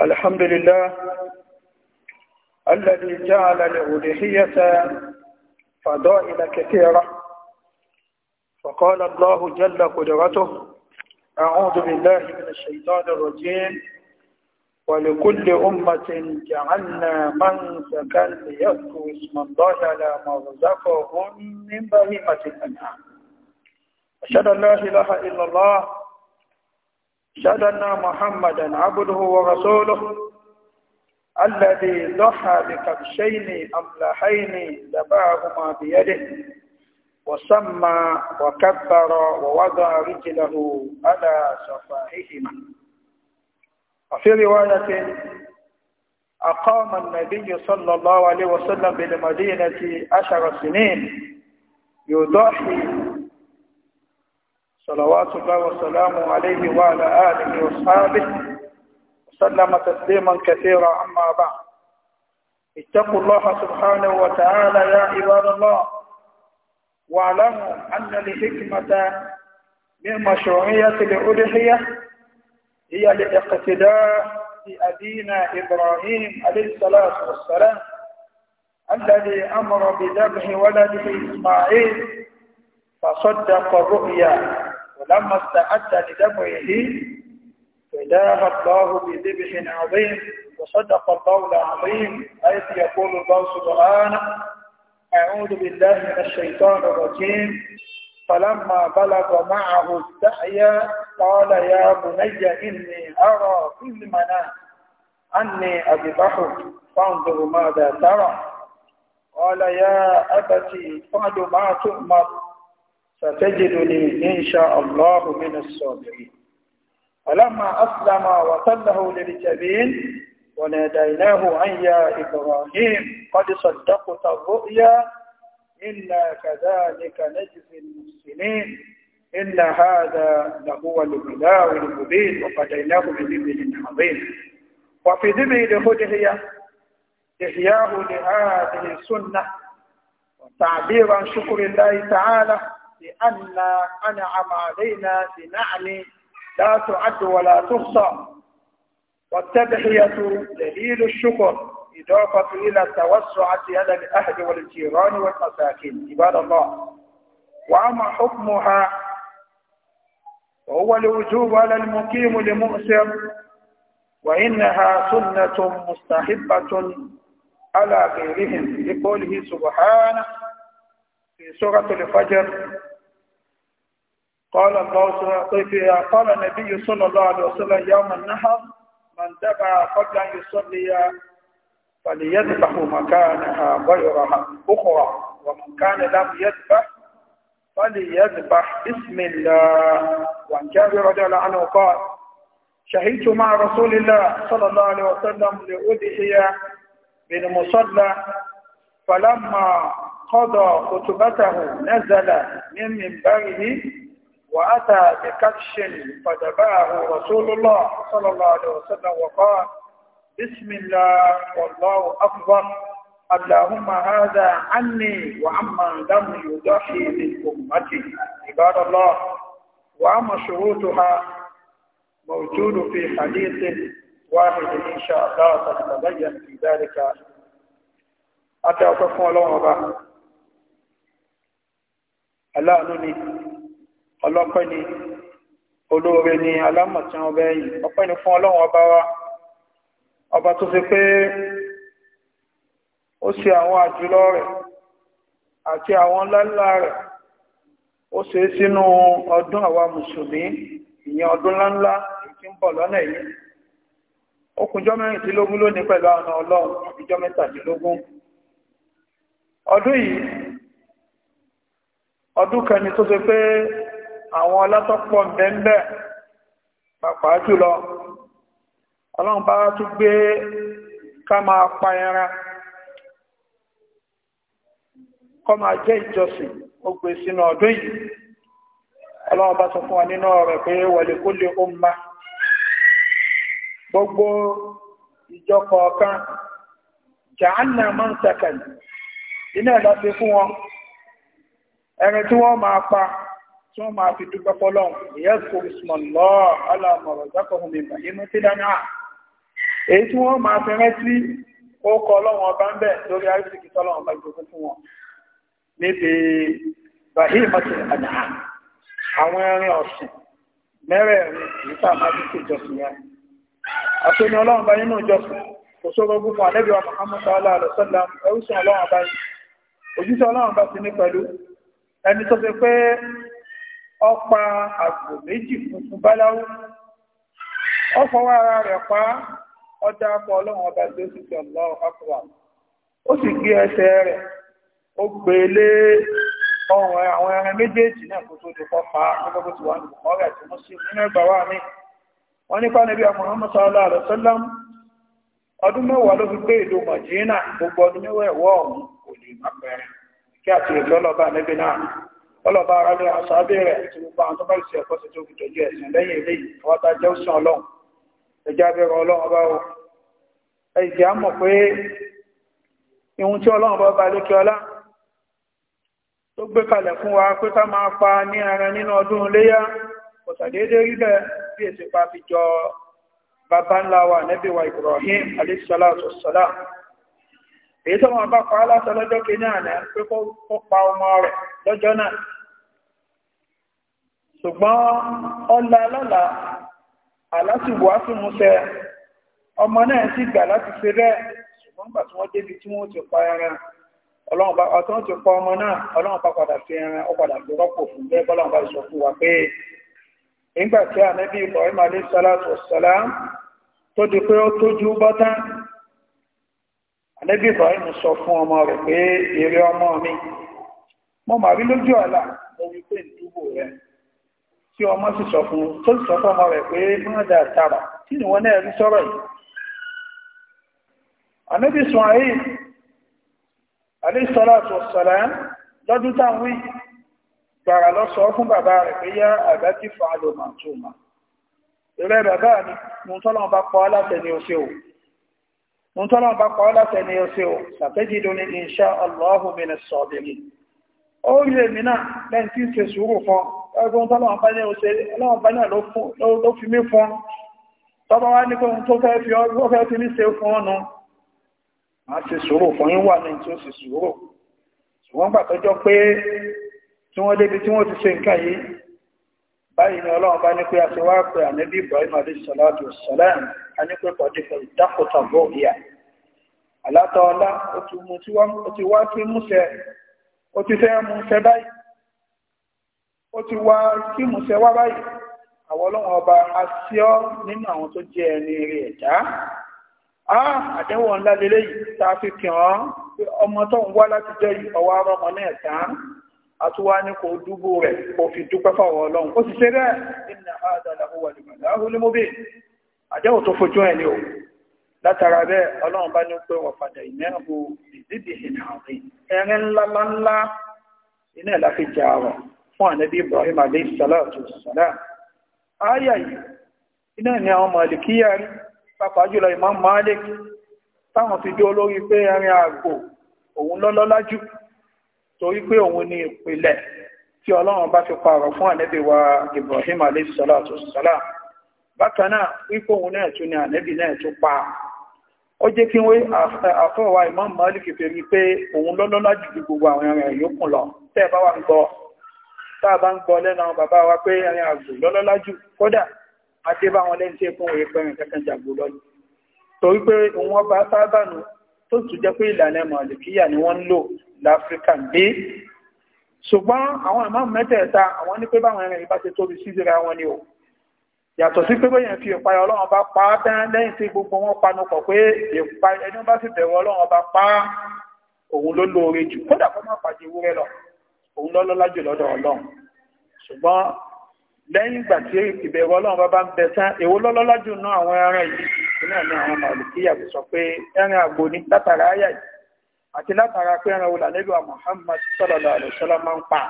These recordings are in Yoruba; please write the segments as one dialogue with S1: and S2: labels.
S1: الحمد لله الذي جعل الألوهية فضائل كثيرة فقال الله جل قدرته أعوذ بالله من الشيطان الرجيم ولكل أمة جعلنا منسكا ليذكروا اسم الله على ما رزقهم من بهيمة الأنعام أشهد أن لا إله إلا الله أشهد أن محمدا عبده ورسوله الذي ضحى بكبشين أملحين دفعهما بيده وسمى وكبر ووضع رجله على صفائهما وفي رواية أقام النبي صلى الله عليه وسلم بالمدينة عشر سنين يضحي صلوات الله وسلامه عليه وعلى آله وأصحابه وسلم تسليما كثيرا أما بعد اتقوا الله سبحانه وتعالى يا عباد الله واعلموا أن الحكمة من مشروعية الأضحية هي الاقتداء بأبينا إبراهيم عليه الصلاة والسلام الذي أمر بذبح ولده إسماعيل فصدق الرؤيا ولما استعد لدمعه فداه الله بذبح عظيم وصدق القول العظيم حيث يقول الله سبحانه أعوذ بالله من الشيطان الرجيم فلما بلغ معه السعي قال يا بني إني أرى في المنام أني أذبحك فانظر ماذا ترى قال يا أبتي فعل ما تؤمر ستجدني إن شاء الله من الصابرين فلما أسلم وصله للجبين وناديناه أن يا إبراهيم قد صدقت الرؤيا إنا كذلك نجزي المحسنين إن هذا لهو البلاء المبين وقديناه بذبل عظيم وفي ذبل هدهية إحياه لهذه السنة وتعبير عن شكر الله تعالى لأن أنعم علينا بنعم لا تعد ولا تحصى والتضحية دليل الشكر إضافة إلى التوسعة على الأهل والجيران والمساكين عباد الله وأما حكمها وهو الوجوب على المقيم لمؤسر وإنها سنة مستحبة على غيرهم لقوله سبحانه في سورة الفجر قال الله قال النبي صلى الله عليه وسلم يوم النحر من دفع قبل أن يصلي فليذبح مكانها غيرها أخرى ومن كان لم يذبح فليذبح بسم الله وعن جابر رضي الله عنه قال شهدت مع رسول الله صلى الله عليه وسلم بن مصلى فلما قضى خطبته نزل من منبره وأتى بكبش فدفعه رسول الله صلى الله عليه وسلم وقال بسم الله والله أكبر اللهم هذا عني وعما لم يضحي من أمتي عباد الله وعما شروطها موجود في حديث واحد إن شاء الله سنتبين في ذلك أتى أتفهم الله أبا الله ọlọ́pẹ́ ni olóore ni alámọ̀tán ọbẹ̀ yìí ọpẹ́ ni fún ọlọ́run ọba wa ọba tó fi pé ó ṣe àwọn àjùlọ rẹ̀ àti àwọn ńláńlá rẹ̀ ó ṣe sínú ọdún àwa mùsùlùmí ìyẹn ọdún ńláńlá tí ń bọ̀ lọ́nà yìí ó mẹ́rìndínlógún lónìí pẹ̀lú àwọn ọlọ́run ìjọ́ mẹ́tàdínlógún ọdún yìí ọdún kan tó ṣe pé àwọn ọlọ́tọ́pọ̀ bẹ́ẹ̀bẹ́ pàpàá jùlọ ọlọ́run bá tún gbé ká máa pa ẹran kọ́ máa jẹ́ ìjọsìn ó gbé sínú ọdún yìí ọlọ́run bá sọ fún wa nínú ọ̀rọ̀ pé wọlé kó lè ó ma gbogbo ìjọ kọ̀ọ̀kan jàánà máa ń sàkàlì iná ìlọ́sí fún wọn ẹni tí wọ́n máa pa tí wọ́n máa fi dúpẹ́ fọ́lọ́n ìyẹ́ kò sùmọ̀ lọ aláàmọ̀rọ̀ zákọ̀hún mi bàyínú tí dáná èyí tí wọ́n máa fi rántí ó kọ ọlọ́run ọba ń bẹ̀ lórí àrísìkí tọ́lọ́run ọba ìjọba fún wọn níbi bàhí ìmọ̀tì àdá àwọn ẹrin ọ̀sìn mẹ́rẹ̀ẹ̀rin kìí sáà máa fi ṣe ìjọsìn yẹn àpéni ọlọ́run ọba nínú ìjọsìn kò sóró ogún fún àlẹ́bí wa Muhammad sallallahu alaihi wasallam ẹrú sí ọlọ́run ọba yìí òjíṣẹ́ ọlọ́run ọba ti ẹni tó ṣe pé ọpa àgbò méjì funfun báláwú fọwọ́ ara rẹ̀ pa ọdá akọ ọlọ́run ọba ó sì jọ lọ́wọ́ akọwà ó sì gbé ẹsẹ̀ rẹ̀ ó gbé e lé ọrùn àwọn ẹran méjèèjì náà kó tó di pa gbogbo ti wà nínú nínú ẹgbà wà mí wọ́n ní níbi sọ́lám ọdún mẹ́wàá ló fi gbé ìlú ọlọ́ba ara rẹ̀ àṣàbẹ̀ rẹ̀ àti gbogbo àwọn tó bá ṣe ẹ̀kọ́ sí tó fi tọ́jú ẹ̀sìn lẹ́yìn ilé yìí wọ́n ta jẹ́ òsàn ọlọ́run ẹjẹ́ abẹ́rẹ́ ọlọ́run ọba o ẹ̀jẹ̀ á mọ̀ pé ihun tí ọlọ́run bá ba lékè ọlá tó gbé kalẹ̀ fún wa pé ká máa pa ní ara nínú ọdún iléyá ọ̀sàdédé rí bẹ́ẹ̀ bí èsì pa fi jọ bàbá ńlá Ibrahim alayhi salatu salam èyí tó wọn bá pa aláṣọ lọ́jọ́ kejì àná pé kó pa ọmọ rẹ̀ lọ́jọ́ náà ṣùgbọ́n ọlá lọ́la aláṣìwò ásùnmúṣẹ ọmọ náà sì gbà láti ṣe rẹ̀ ṣùgbọ́n gbà tí wọ́n débi tí wọ́n ti pa ẹran ọ̀tún ti pa ọmọ náà ọlọ́run bá padà fi ẹran ó padà fi rọ́pò fún bẹ́ẹ̀ bọ́lọ́run bá sọ fún wa pé nígbà tí ànábì Ibrahim alayhi salatu wassalam tó di pé ó tójú bọ́tán ànábì Ibrahim sọ fún ọmọ rẹ̀ pé èrè ọmọ mi mo mà rí lójú ọ̀la mo rí pé ìdúgbò rẹ̀ tí ọmọ sì sọ fún tó sì sọ fún ọmọ rẹ̀ pé mọ́dà tààrà tí ni wọ́n náà rí sọ́rọ̀ yìí ànábì sùn ayé alayhi salatu wassalam lọ́dún táwọn gbàrà lọ sọ fún bàbá rẹ̀ pé yá àgbá tí fàálò màtúmà ìrẹ́ bàbá mi mú tọ́lọ́ bá pọ́ aláṣẹ ni ó ṣe òun ń tọ́lọ́ bá pa ọ́ látẹ̀ ní ọ̀sẹ̀ o sàtẹ́jìdó ní insha Allahu min as-sabirin ó rí èmi náà lẹ́yìn tí ń ṣe sùúrù fún ẹgbẹ́ tọ́lọ́ bá ní ọ̀sẹ̀ ọlọ́wọ́n bá náà ló fi mí fún tọ́bọ̀ báyìí ni ọlọ́run bá ní pé a ti wá pé ànábì ibrahim alayhisalatu wasalam a ní pé pàdé pẹ̀lú dákòtà bóòyà alátọ ọlá ó ti wá sí múṣẹ ó ti fẹ́ múṣẹ báyìí ó ti wá sí múṣẹ wá báyìí àwọn ọlọ́run ọba a nínú àwọn tó jẹ ẹni rẹ ẹ̀dá a àdéhùn ńlá lélẹ́yìí tá a fi kàn án ọmọ tó ń wá látijọ́ yìí ọwọ́ arọ́mọ náà tán àtúwá ní kò dúbò rẹ̀ kò fi dúpẹ́ fáwọn ọlọ́run ó sì ṣe rẹ̀ ìnà àdàlàwò àlùmọ́bí àjẹ́wò tó fojú ẹ̀ ni o látara bẹ́ẹ̀ ọlọ́run bá ní pé wọ́n padà ìmẹ́rùn-ún ìdíbi ìnà àwìn ẹ̀rin ńláńlá iná ẹ̀ láfi jẹ àrùn fún ànábì Ibrahim alayhi salatu salam ááyà yìí iná ni àwọn mọ̀lìkíyà rí pàápàá jùlọ Imam Malik táwọn fi dé olórí pé ẹ̀rin àgbò òun lọ́lọ́lá jù torí pé òun ni ìpìlẹ̀ tí ọlọ́run bá fi pààrọ̀ fún ànẹ́bì wa Ibrahim alayhi salatu wassalam bákan náà wípé òun náà tún ni ànẹ́bì náà tún pa ó jẹ́ kí wọ́n àfọwà Imam Malik fi rí pé òun lọ́lọ́lá jù gbogbo àwọn ẹran yòókù lọ tẹ́ ẹ bá wà ń gbọ́ tá a bá ń tó tún jẹ́ pé ìlànà màlìkíyà ni wọ́n ń lò láfíríkà gbé ṣùgbọ́n àwọn ìmáàmù mẹ́tẹ̀ẹ̀ta àwọn ní pé báwọn ẹran ìbá ti tóbi síra wọn ni o yàtọ̀ sí pé bóyá fi ìpayà ọlọ́run bá pa á tán lẹ́yìn tí gbogbo wọn panu pọ̀ pé ẹni bá sì bẹ̀rù ọlọ́run bá pa á òun ló lóore jù kódà kó má pàdé ewúrẹ́ lọ òun lọ́lọ́lá jù lọ́dọ̀ ọlọ́run ṣùgbọ́n lẹ́yìn ìgbà tí ìbẹ̀rù ọlọ́run bá bá ń bẹ tán èwo lọ́lọ́lá jù náà àwọn ẹran yìí náà ní àwọn màlìkíyà fi sọ pé ẹran àgbò ní látara àyà yìí àti látara pé ẹran wòlà lẹ́lú wa Muhammad sallallahu alaihi wasallam máa ń pa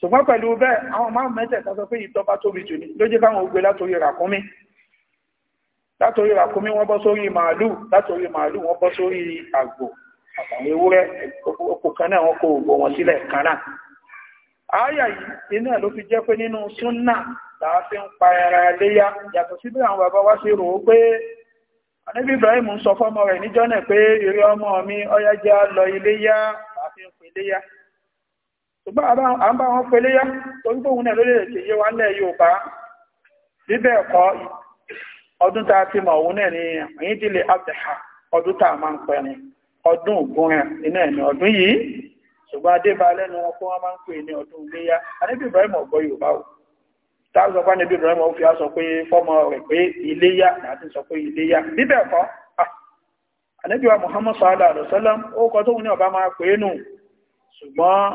S1: ṣùgbọ́n pẹ̀lú bẹ́ẹ̀ àwọn máa ń mẹ́tẹ̀ẹ̀ta sọ pé ìtọ́ba tóbi jù ní ló káwọn ògbé látòrí ràkúnmí wọ́n bọ́ sórí màálù látòrí màálù wọ́n bọ́ sórí àgbò àtàwọn ewúrẹ́ òkú kan náà wọ́n kó ògbó wọn sílẹ̀ kan náà àáyà yìí iná ló fi jẹ́ pé nínú súnnà láàáfí ń pa ẹran ẹléyá yàtọ̀ sí àwọn bàbá wá sí pé Ibrahim ń sọ fọ́mọ rẹ̀ níjọ́ náà pé eré ọmọ mi ọyá jẹ́ lọ iléyá láàáfí ń pè iléyà ṣùgbọ́n à ń bá wọn pè iléyà torí pòun náà yé wa ńlẹ̀ Yorùbá bíbẹ̀ ẹ̀kọ́ ọdún tá a ti mọ̀ òun náà ni àyíndílé abdulha ọdún a máa ń ọdún rẹ̀ iná ṣùgbọ́n adébá lẹ́nu wọn kó wọ́n máa ń pè ní ọdún iléyá anábì ibrahim ọ̀gbọ́ yorùbá o táwọn sọ pé anábì ibrahim ó fi á sọ pé fọ́mọ rẹ̀ pé iléyá láti sọ pé iléyá bíbẹ̀ kọ́ anábì wa muhammad sallallahu alaihi wasallam ó kọ tóun ní ọba máa pè é nù ṣùgbọ́n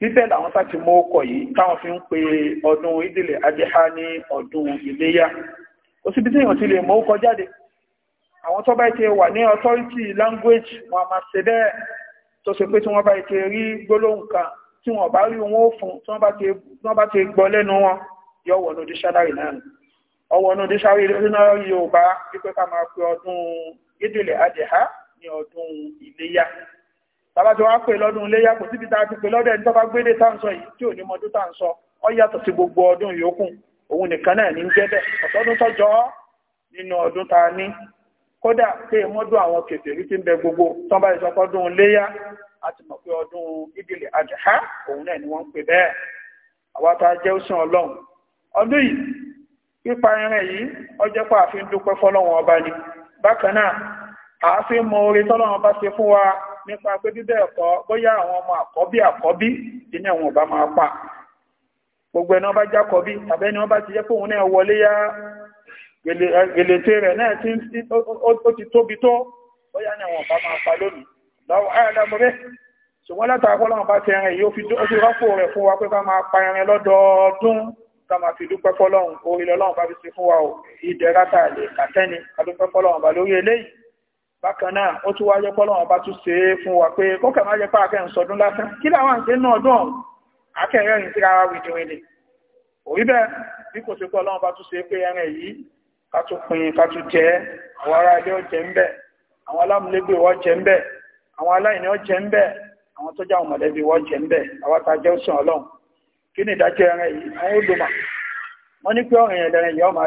S1: bíbẹ̀ làwọn sá ti mú ọkọ̀ yìí táwọn fi ń pe ọdún ìdílé adéhá ní ọdún iléyá ó sì bí tí èèyàn ti lè mú ọkọ̀ jáde àwọn tó bá ti wà ní authority language wọn máa ṣe bẹ́ẹ̀ tó ṣe pé tí wọ́n bá ti rí gbólóhùn kan tí wọ́n bá rí wọn ó fún tí wọ́n bá ti gbọ́ lẹ́nu wọn yóò wọnú díṣánárì náà ọwọ́nú díṣánárì náà yóò bá wípé ká máa pe ọdún Idil Adha ní ọdún iléyà bàbá tí wọ́n pè lọ́dún iléyà kò síbi tá a ti pè lọ́dún ẹni tó bá gbélé tá yìí tí ò ní mọdún tá ọ yàtọ̀ sí gbogbo ọdún yòókù òun nìkan náà ní kódà pé mọ́dún àwọn kèfèrí ti ń bẹ gbogbo tán bá ìsọpọ̀ ọdún léyá àti mọ̀ pé ọdún ìdílé àjàhá òun náà ni wọ́n ń pè bẹ́ẹ̀ àwátá jẹ́ òsìn ọlọ́run ọdún yìí pípa irin yìí ọjọ́ pa àfi ń dúpẹ́ ọba ni bákan náà àáfin mọ oore tọ́lọ́run bá ṣe fún wa nípa pé bíbẹ́ ẹ̀kọ́ bóyá àwọn ọmọ àkọ́bí àkọ́bí ìní àwọn ọba máa pa gbogbo ẹni wọn bá jákọ́bí tàbí ẹni wọn bá ti jẹ́ pé òun náà wọlé yá gèlètè eh, rẹ̀ náà tí ó ti tóbi tó bóyá ní àwọn ọ̀pá máa pa lónìí lọ́wọ́ àyàdàmọ́ eh, bẹ́ẹ̀ ṣùgbọ́n látàkọ́ lọ́wọ́ bá ti ẹran yóò fi rọ́pò rẹ̀ fún wa pé ká máa pa ẹran lọ́dọọdún ká máa fi dúpẹ́ fọ́lọ́run orí lọ́lọ́run bá fi sí fún wa ò ìdẹ̀ra a lè kàtẹ́ni ká dúpẹ́ fọ́lọ́run bá lórí eléyìí bákan náà ó tún wáyé fọ́lọ́run bá é fún wa pé kó kà máa yẹ pé akẹ́ ń sọdún lásán kí làwọn àǹtí náà dùn ọ̀hún akẹ́rẹ́rìn síra wa wìdìrìnlẹ̀ òrí bẹ́ẹ̀ kátó pin kátó jẹ́ àwọn ará ilé ọ̀jẹ̀ ń bẹ̀ àwọn alámúlégbè wọ́n jẹ́ ń bẹ̀ àwọn aláìní ọ̀jẹ̀ ń bẹ̀ àwọn tó jáwọn mọ̀lẹ́bí wọ́n jẹ́ ń bẹ̀ àwọn kí ni ìdájọ́ ẹran yìí àwọn olùmọ̀ wọ́n ní pé ọ̀rìn yìí ọmọ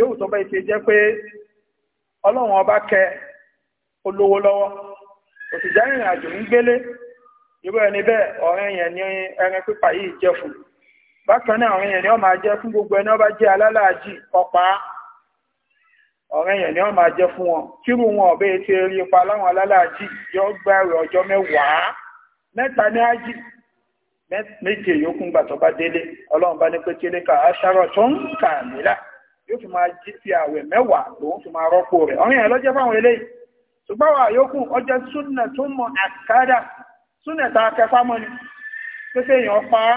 S1: yóò tó ṣe pé ọba kẹ olówó òsì ìrìn àjò ń ọ̀rẹ́ yẹn ní bákan náà ọ̀rẹ́ yẹn ni wọ́n máa jẹ́ fún gbogbo ẹni ọba jẹ́ alálàájì ọ̀pá ọ̀rẹ́ yẹn ni wọ́n máa jẹ́ fún wọn kírù wọn ọ̀bẹ etí eré ipa láwọn alálàájì yọ gba ẹ̀rọ ọjọ́ mẹ́wàá mẹ́ta ní ájì méje yòókù gbà tó bá délé ọlọ́run bá ní pé kí lè ka aṣáró tó ń kà nílà yóò fi máa jí fi àwẹ̀ mẹ́wàá lòun fi máa rọ́pò rẹ̀ ọ̀rẹ́ yẹn lọ́jẹ́ fáwọn eléyìí ṣùgbọ́n wà yòókù ọjọ́ súnà tó mọ àkádà súnà tá a kẹfà mọ́ni pé kéèyàn pa á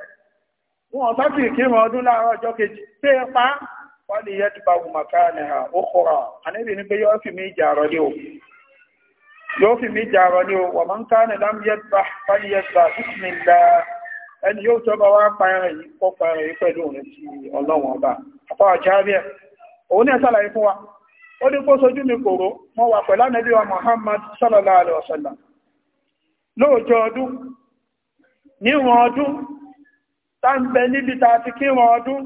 S1: wọn bá fi kí wọn ọdún láàárọ̀ ọjọ́ kejì pé ẹ pa wọ́n lè yẹ ti bá wù màkà ní ha ó kọ́ra àníbi ní pé yóò fi mí jà rọ ní o yóò fi mí jà rọ ní o wọ́n máa ń lám yẹ bá fáyé yẹ bá bísímìlá ẹni yóò tọ́ bá wá parẹ́ yìí kọ́ parẹ́ yìí pẹ̀lú òun ti ọlọ́wọ́n ọba àpá ọjà rí òun náà sàlàyé fún wa ó ní kó sojú mi kòró mo wà pẹ̀lú ànábì wa Muhammad sallallahu alaihi wasallam lóòjọ́ ọdún níwọ̀n ọdún táǹbẹ̀ níbi ta ti kírun ọdún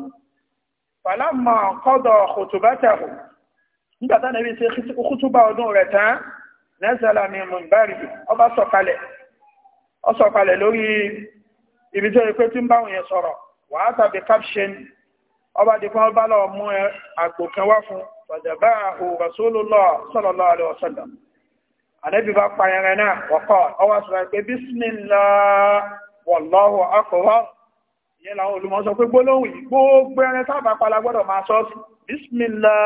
S1: pàlámọ̀ kọ́dọ̀ kòtùbátàrù nígbàtá nàbí ṣe kútúbà ọdún rẹ̀ tán nẹ́sàlá mi mùbárì ọba sọ̀kalẹ̀ ọ sọ̀kalẹ̀ lórí ibi tó pé tí ń báwọn yẹn sọ̀rọ̀ wàá tàbí caption ọba dìkan ọba lọ mú àgbò kan wá fún fàjàbá ò rasulullah sallallahu alaihi wasallam ànábì bá pa ẹran náà wallahu akbar yẹn làwọn olùmọ̀ sọ pé gbólóhùn yìí gbogbo ẹran sábà pala gbọ́dọ̀ máa sọ sí bismillah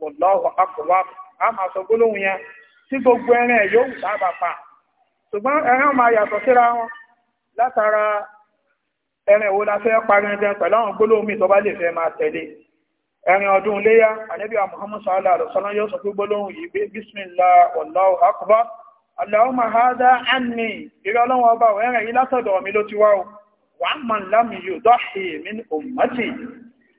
S1: wallahu akbar a máa sọ gbólóhùn yẹn tí gbogbo ẹran ẹ̀ yóò sábà pa ṣùgbọ́n ẹran máa yàtọ̀ síra wọn látara ẹran ìwo la fẹ́ parí ẹran pẹ̀lú àwọn gbólóhùn mi tó bá lè fẹ́ máa tẹ̀lé ẹran ọdún léyà ànábì Muhammad sallallahu alaihi wasallam yóò sọ pé gbólóhùn yìí pé bismillah wallahu akbar allahumma hadha anni ìrọlọ́wọ́ ọba ẹran yìí látọ̀dọ̀ mi ló ti wá o wà á mọ̀ lámì yóò dọ́ṣì mí òmọ́tì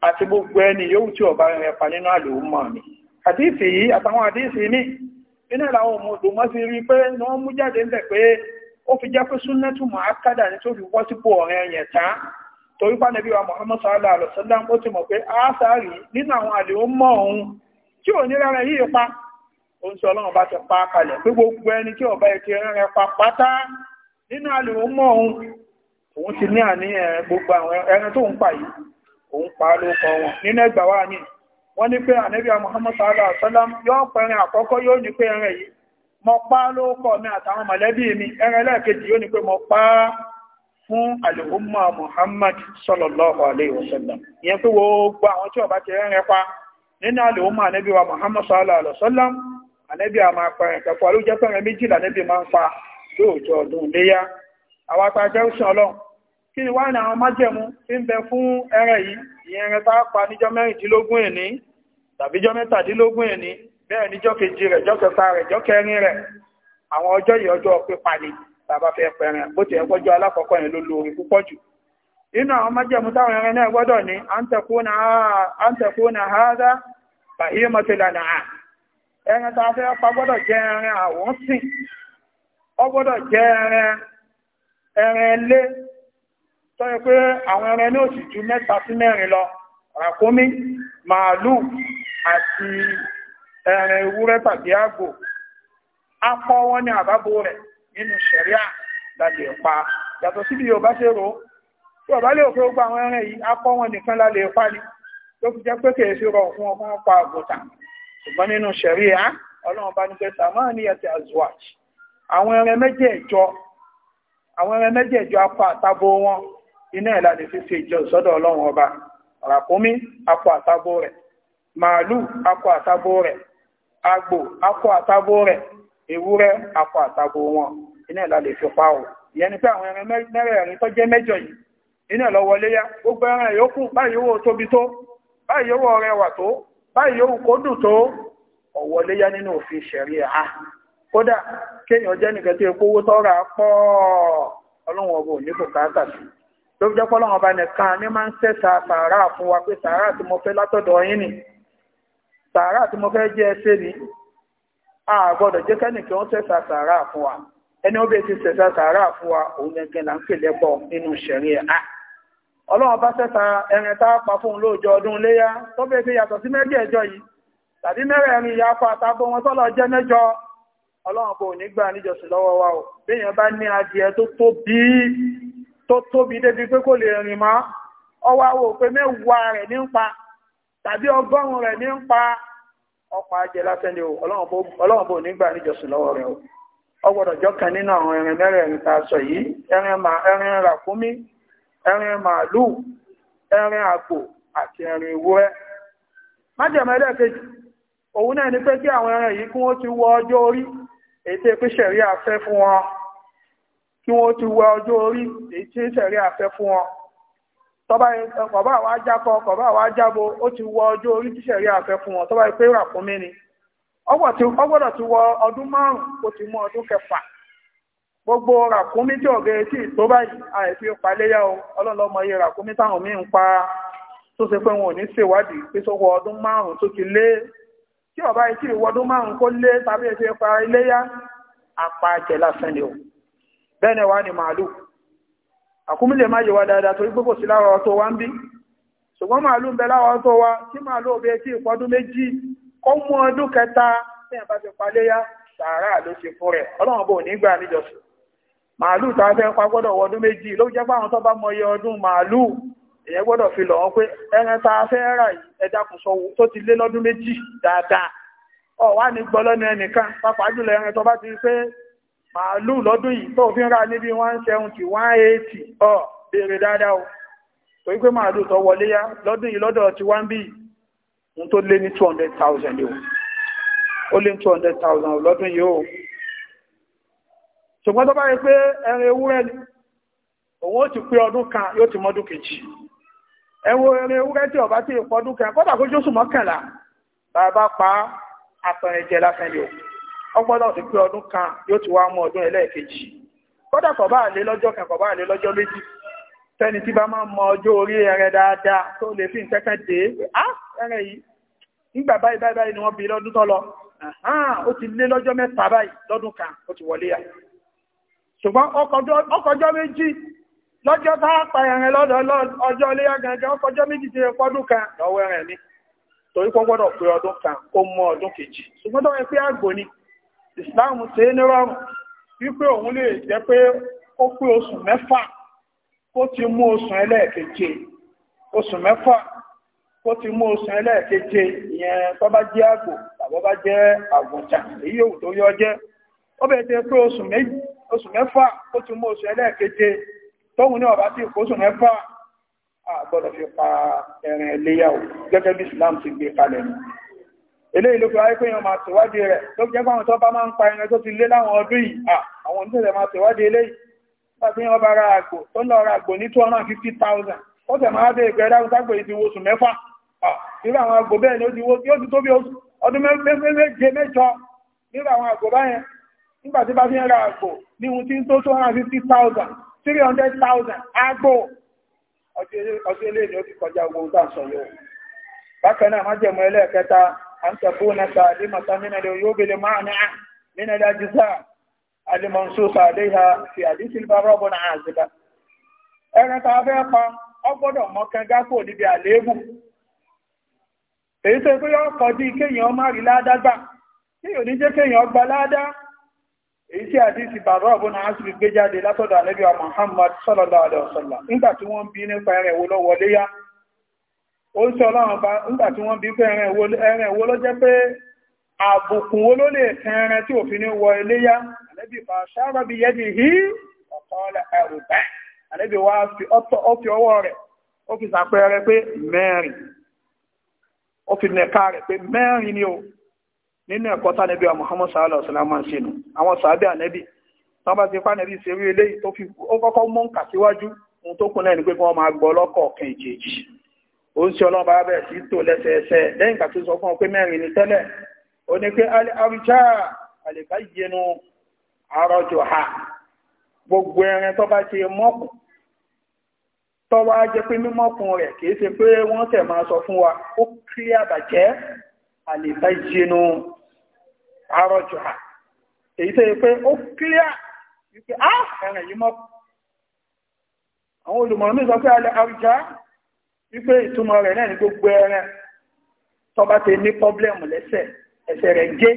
S1: àti gbogbo ẹni yóò tí ọba rẹ̀ pa nínú àlòó mọ̀ mi àdíìsì yìí àtàwọn àdíìsì ní nínú àwọn ọmọdùnmọ́ sí rí pé ní wọ́n mú jáde ń bẹ̀ pé ó fi jẹ́ pé súnnẹ́tù mọ̀ ákádà ní tó fi wọ́ sípò ọ̀rẹ́ yẹn tán torí bá nẹbí wa Muhammad sallallahu alaihi wasallam ó ti mọ̀ pé áásárì nínú àwọn àlèó mọ̀ òun tí ò ní rárẹ̀ yìí pa ó ń sọ ọlọ́run bá ti pa kalẹ̀ pé gbogbo ẹni tí ọba ẹ̀kẹ́ rẹ̀ pa pátá nínú àlèó mọ̀ òun òun ti ní àníyàn gbogbo àwọn ẹran tó ń pa yìí òun pa lóko wọn nínú ẹgbà wa ní wọ́n ní pé ànábì Muhammad sallallahu alaihi wasallam yóò pẹ̀rin àkọ́kọ́ yóò ní pé ẹran yìí pa lóko mi àtàwọn mọ̀lẹ́bí mi ẹran ẹlẹ́ẹ̀kejì yóò ní pé mo pa fún Muhammad sallallahu àwọn tí kí ni wá ní àwọn májẹ̀mú tí ń bẹ fún ẹran yìí ìyẹn mmeri tá a pa níjọ́ mẹ́rìndínlógún ẹni tàbí jọ́ mẹ́tàdínlógún ẹni bẹ́ẹ̀ níjọ́ kejì rẹ̀ jọ́ kẹta rẹ̀ jọ́ kẹrin rẹ̀ àwọn ọjọ́ yìí ọjọ́ pípa ni tàbá fẹ́ pẹ̀rẹ̀ bó ti ẹgbọ́jọ́ alákọ̀ọ́kọ́ yẹn ló lóore púpọ̀ jù inú àwọn májẹ̀mú táwọn ẹran náà gbọ́dọ̀ ní àǹtẹ̀kùnà a tó yẹ pé àwọn ẹran ní òsì ju mẹ́ta sí mẹ́rin lọ ràkúnmí màálù àti ẹran ewúrẹ́ tàbí àgbò akọ wọn ní àbábò rẹ̀ nínú ṣẹ̀ríà lálẹ́ pa yàtọ̀ síbi yorùbá ṣe rò tí ọba lè fẹ́ gbogbo àwọn ẹran yìí akọ wọn nìkan lálẹ́ pa ni ló fi jẹ́ pé kèé sí rọrùn fún ọmọ pa àgùntàn ṣùgbọ́n nínú ṣẹ̀ríà ọlọ́run bá ní pé sàmáà ní ẹ̀tẹ̀ azuwaj àwọn ẹran mẹ́jẹ̀ẹ̀jọ àwọn ẹran mẹ́jẹ̀ẹ̀jọ akọ àtàbò wọn iná ẹ̀ láti fi ṣe ìjọ sọ́dọ̀ ọlọ́run ọba ràkúnmí akọ àtàbò rẹ̀ màálù akọ àtàbò rẹ̀ àgbò akọ àtàbò rẹ̀ ewúrẹ́ akọ àtàbò wọn iná ẹ̀ láti fi pa ò ìyẹn ni pé àwọn ẹran mẹ́rẹ̀ẹ̀rin tó jẹ́ mẹ́jọ gbogbo ẹran yòókù báyìí owó tóbi tó báyìí owó tó báyìí owó kó dùn tó yá nínú òfin ṣẹ̀rí kódà kéèyàn jẹ́ nìkan ọlọ́run ló fi jẹ́ pọ́lọ́wọ́n ọba nìkan ní máa ń sẹ́sà sàárà fún wa pé sàárà tí mo fẹ́ látọ̀dọ̀ yín ni sàárà tí mo fẹ́ jẹ́ ẹsẹ́ ni a gbọ́dọ̀ jẹ́ kẹ́nìkan wọ́n sẹ́sà sàárà fún wa ẹni ó bẹ́ẹ̀ ti sẹ̀sà sàárà fún wa òun là ń pè bá ẹ̀rìn tá a pa fún un lóòjọ́ ọdún léyá tó fi yàtọ̀ sí mẹ́jẹ̀ ẹjọ́ yìí tàbí mẹ́rẹ̀ẹ̀rin ìyá apá àtàbọ̀ wọn jẹ́ mẹ́jọ ní gbà wa béèyàn tó tóbi débi pé kò lè rìn mọ́ ọwọ́ àwọn òpin mẹ́wàá rẹ̀ ní ń pa tàbí ọgọ́rùn-ún rẹ̀ ní ń pa o ọlọ́run bò nígbà níjọsìn lọ́wọ́ rẹ̀ o ọgbọ́dọ̀ jọ́kan nínú àwọn sọ yìí ràkúnmí ẹ̀rìn màálùú ẹ̀rìn àpò àti ẹ̀rìn ìwúrẹ́ májẹ̀mọ́ ẹlẹ́ẹ̀kejì òun náà ni pé kí àwọn ẹran yìí kún ó ti wọ ọjọ́ orí èyí fún wọn kí wọ́n ti wá ọjọ́ orí èyí tí ń sẹ̀rí àfẹ́ fún wọn tọ́ba kọ̀bá àwa jákọ kọ̀bá àwa jábo ó ti wọ ọjọ́ orí tí sẹ̀rí àfẹ́ fún wọn tọ́ba pé ràkúnmí ni ọgbọ́dọ̀ ti wọ ọdún márùn-ún kó ti mú ọdún kẹfà gbogbo ràkúnmí tí ọ̀gẹ́ tí tó báyìí àìfi paléyà o ọlọ́lọ́mọ iye ràkúnmí táwọn míì ń pa tó ṣe pé wọn ò ní ṣèwádìí pé tó wọ ọdún márùn-ún tó ti lé tí ọba yìí tí ìwọ ọdún márùn-ún kó lé tàbí ẹ̀ṣẹ̀ pa iléyà àpàjẹ́ lásán ni o bẹ́ẹ̀ wá ní màálù àkúmílẹ̀ má yẹ wá dáadáa torí gbogbo sí lára ọ̀tọ̀ wa ń bí ṣùgbọ́n màálù ń bẹ lára ọ̀tọ̀ wa tí màálù òbí etí ìpọ́dún méjì kọ́ mú ọdún kẹta tí ẹ̀ bá ti paléyá sàárà ló ṣe fún rẹ̀ ọlọ́run bò ní gbà níjọsìn màálù tá a fẹ́ pa gbọ́dọ̀ wọ ọdún méjì ló jẹ́ fáwọn ti màálù lọ́dún yìí tó fi ń ra níbi 170 180 ọ̀ béèrè dáadáa o torí pé màálù tó wọlé yá lọ́dún yìí lọ́dọ̀ ti wá ń bí n tó lé ní 200,000 ni o ó lé ní 200,000 lọ́dún yìí o ṣùgbọ́n tó bá rí pé ẹran ewúrẹ́ ni òun ó ti pé ọdún kan yóò ti mọ́dún kejì ẹwọ ẹran ewúrẹ́ tí ọba ti pọ́dún kan kọ́dà kó jósù mọ́kànlá bàbá pa apẹ̀rẹ̀jẹ̀ lásán ni o ọgbọ́dọ̀ ti pé ọdún kan yóò ti wá mú ọdún ẹlẹ́ẹ̀kejì kódà kò bá lé lọ́jọ́ kan kò bá lé lọ́jọ́ méjì tẹni tí bá máa mọ ọjọ́ orí ẹrẹ dáadáa tó lè fi nǹkan dé á ẹrẹ yìí nígbà báyìí báyìí báyìí ni wọ́n bí lọ́dún tó lọ ó ti lé lọ́jọ́ mẹ́ta báyìí lọ́dún kan ó ti wọlé ya ṣùgbọ́n ọkọjọ́ méjì lọ́jọ́ tá a pa ẹ̀rìn lọ́dọ̀ ọjọ́ ilé gangan ọkọjọ́ méjì ti ẹ̀kọ́ kan lọ́wọ́ ẹ̀rìn mi torí kò gbọ́dọ̀ pé ọdún kan kó mọ ọdún kejì ṣùgbọ́n tó yẹ pé àgbò ni ìsìláàmù ṣe é nírọ̀rùn wípé òun lè jẹ́ pé ó pé oṣù mẹ́fà kó ti mú oṣù ẹlẹ́ẹ̀keje oṣù mẹ́fà kó ti mú oṣù ẹlẹ́ẹ̀keje ìyẹn tó bá jẹ́ àgbò tàbí bá jẹ́ àgùntàn èyí yòówù tó yọ jẹ́ ó bẹ̀rẹ̀ jẹ́ pé oṣù mẹ́fà kó ti mú oṣù ẹlẹ́ẹ̀keje tóhun ní ọ̀bá tí ìkóṣù mẹ́fà àgbọ́dọ̀ fi pa ẹ̀rìn ẹlẹ́yàwó gẹ́gẹ́ bí Islam ti gbé kalẹ̀ eléyìí ló fi wáyé pé ire máa tẹ̀wádìí rẹ̀ tó jẹ́ pé tó bá máa ń pa ẹran tó ti lé láwọn ọdún yìí àwọn oníṣẹ̀lẹ̀ máa tẹ̀wádìí eléyìí nígbà tí wọ́n bá ra àgbò tó lọ ra àgbò ní two hundred and fifty thousand ó sì máa àwọn àgbò bẹ́ẹ̀ ni ó ti wo yóò ti ọdún àwọn àgbò báyẹn nígbà tí bá fi ni ó ti kọjá tá sọ bákan náà أن تكون سالمة من العيوب المعنعة من الأجزاء المنصوص عليها في حديث البراء a fẹ́ pa ọ gbọ́dọ̀ mọ kẹngá kò níbi àléébù èyí tó pé yọ kọjú kéèyàn má bi ya. ó ń sọ ọlọ́run bá nígbà tí wọ́n bí pé ẹran ìwó ló jẹ́ pé àbùkù wo ló lè tí òfin ní wọ iléyá àlẹ́bí fa ṣáàrọ̀ bí yẹ́ di hí ọ̀pọ̀ ẹ̀rù bẹ́ẹ̀ àlẹ́bí wa fi ọwọ́ rẹ̀ ó fi sàpẹẹrẹ pé mẹ́rin ó fi nẹ̀ka rẹ̀ pé ni o nínú ẹ̀kọ́ tá nẹ́bí wa Muhammad sallallahu alaihi wasallam ṣe nù àwọn sàábẹ́ ànẹ́bí tán bá ti fánẹ́bí eléyìí tó fi ó kọ́kọ́ ń kà síwájú ohun tó náà ni ó ń ṣe ọlọ́run bá bẹ̀rẹ̀ sí tò lẹ́sẹẹsẹ lẹ́yìn ìgbà tó sọ fún ọ pé mẹ́rin ni tẹ́lẹ̀ ó ní pé àríjá àlèbá yẹnu àrọ́jò ha gbogbo ẹran tó bá ṣe mọ́kùn tó wá jẹ́ pé mímọ́kùn rẹ̀ kìí ṣe pé wọ́n tẹ̀ máa sọ fún wa ó kí àbàjẹ́ àlèbá yẹnu àrọ́jò ha èyí tó yẹ pé ó kí wípé á ah, ẹran yìí mọ́kùn àwọn olùmọ̀ọ́mí sọ pé àríjá wípé ìtumọ̀ rẹ̀ náà ní gbogbo ẹran tó bá ti ní pọ́blẹ́mù lẹ́sẹ̀ ẹsẹ̀ rẹ̀ gé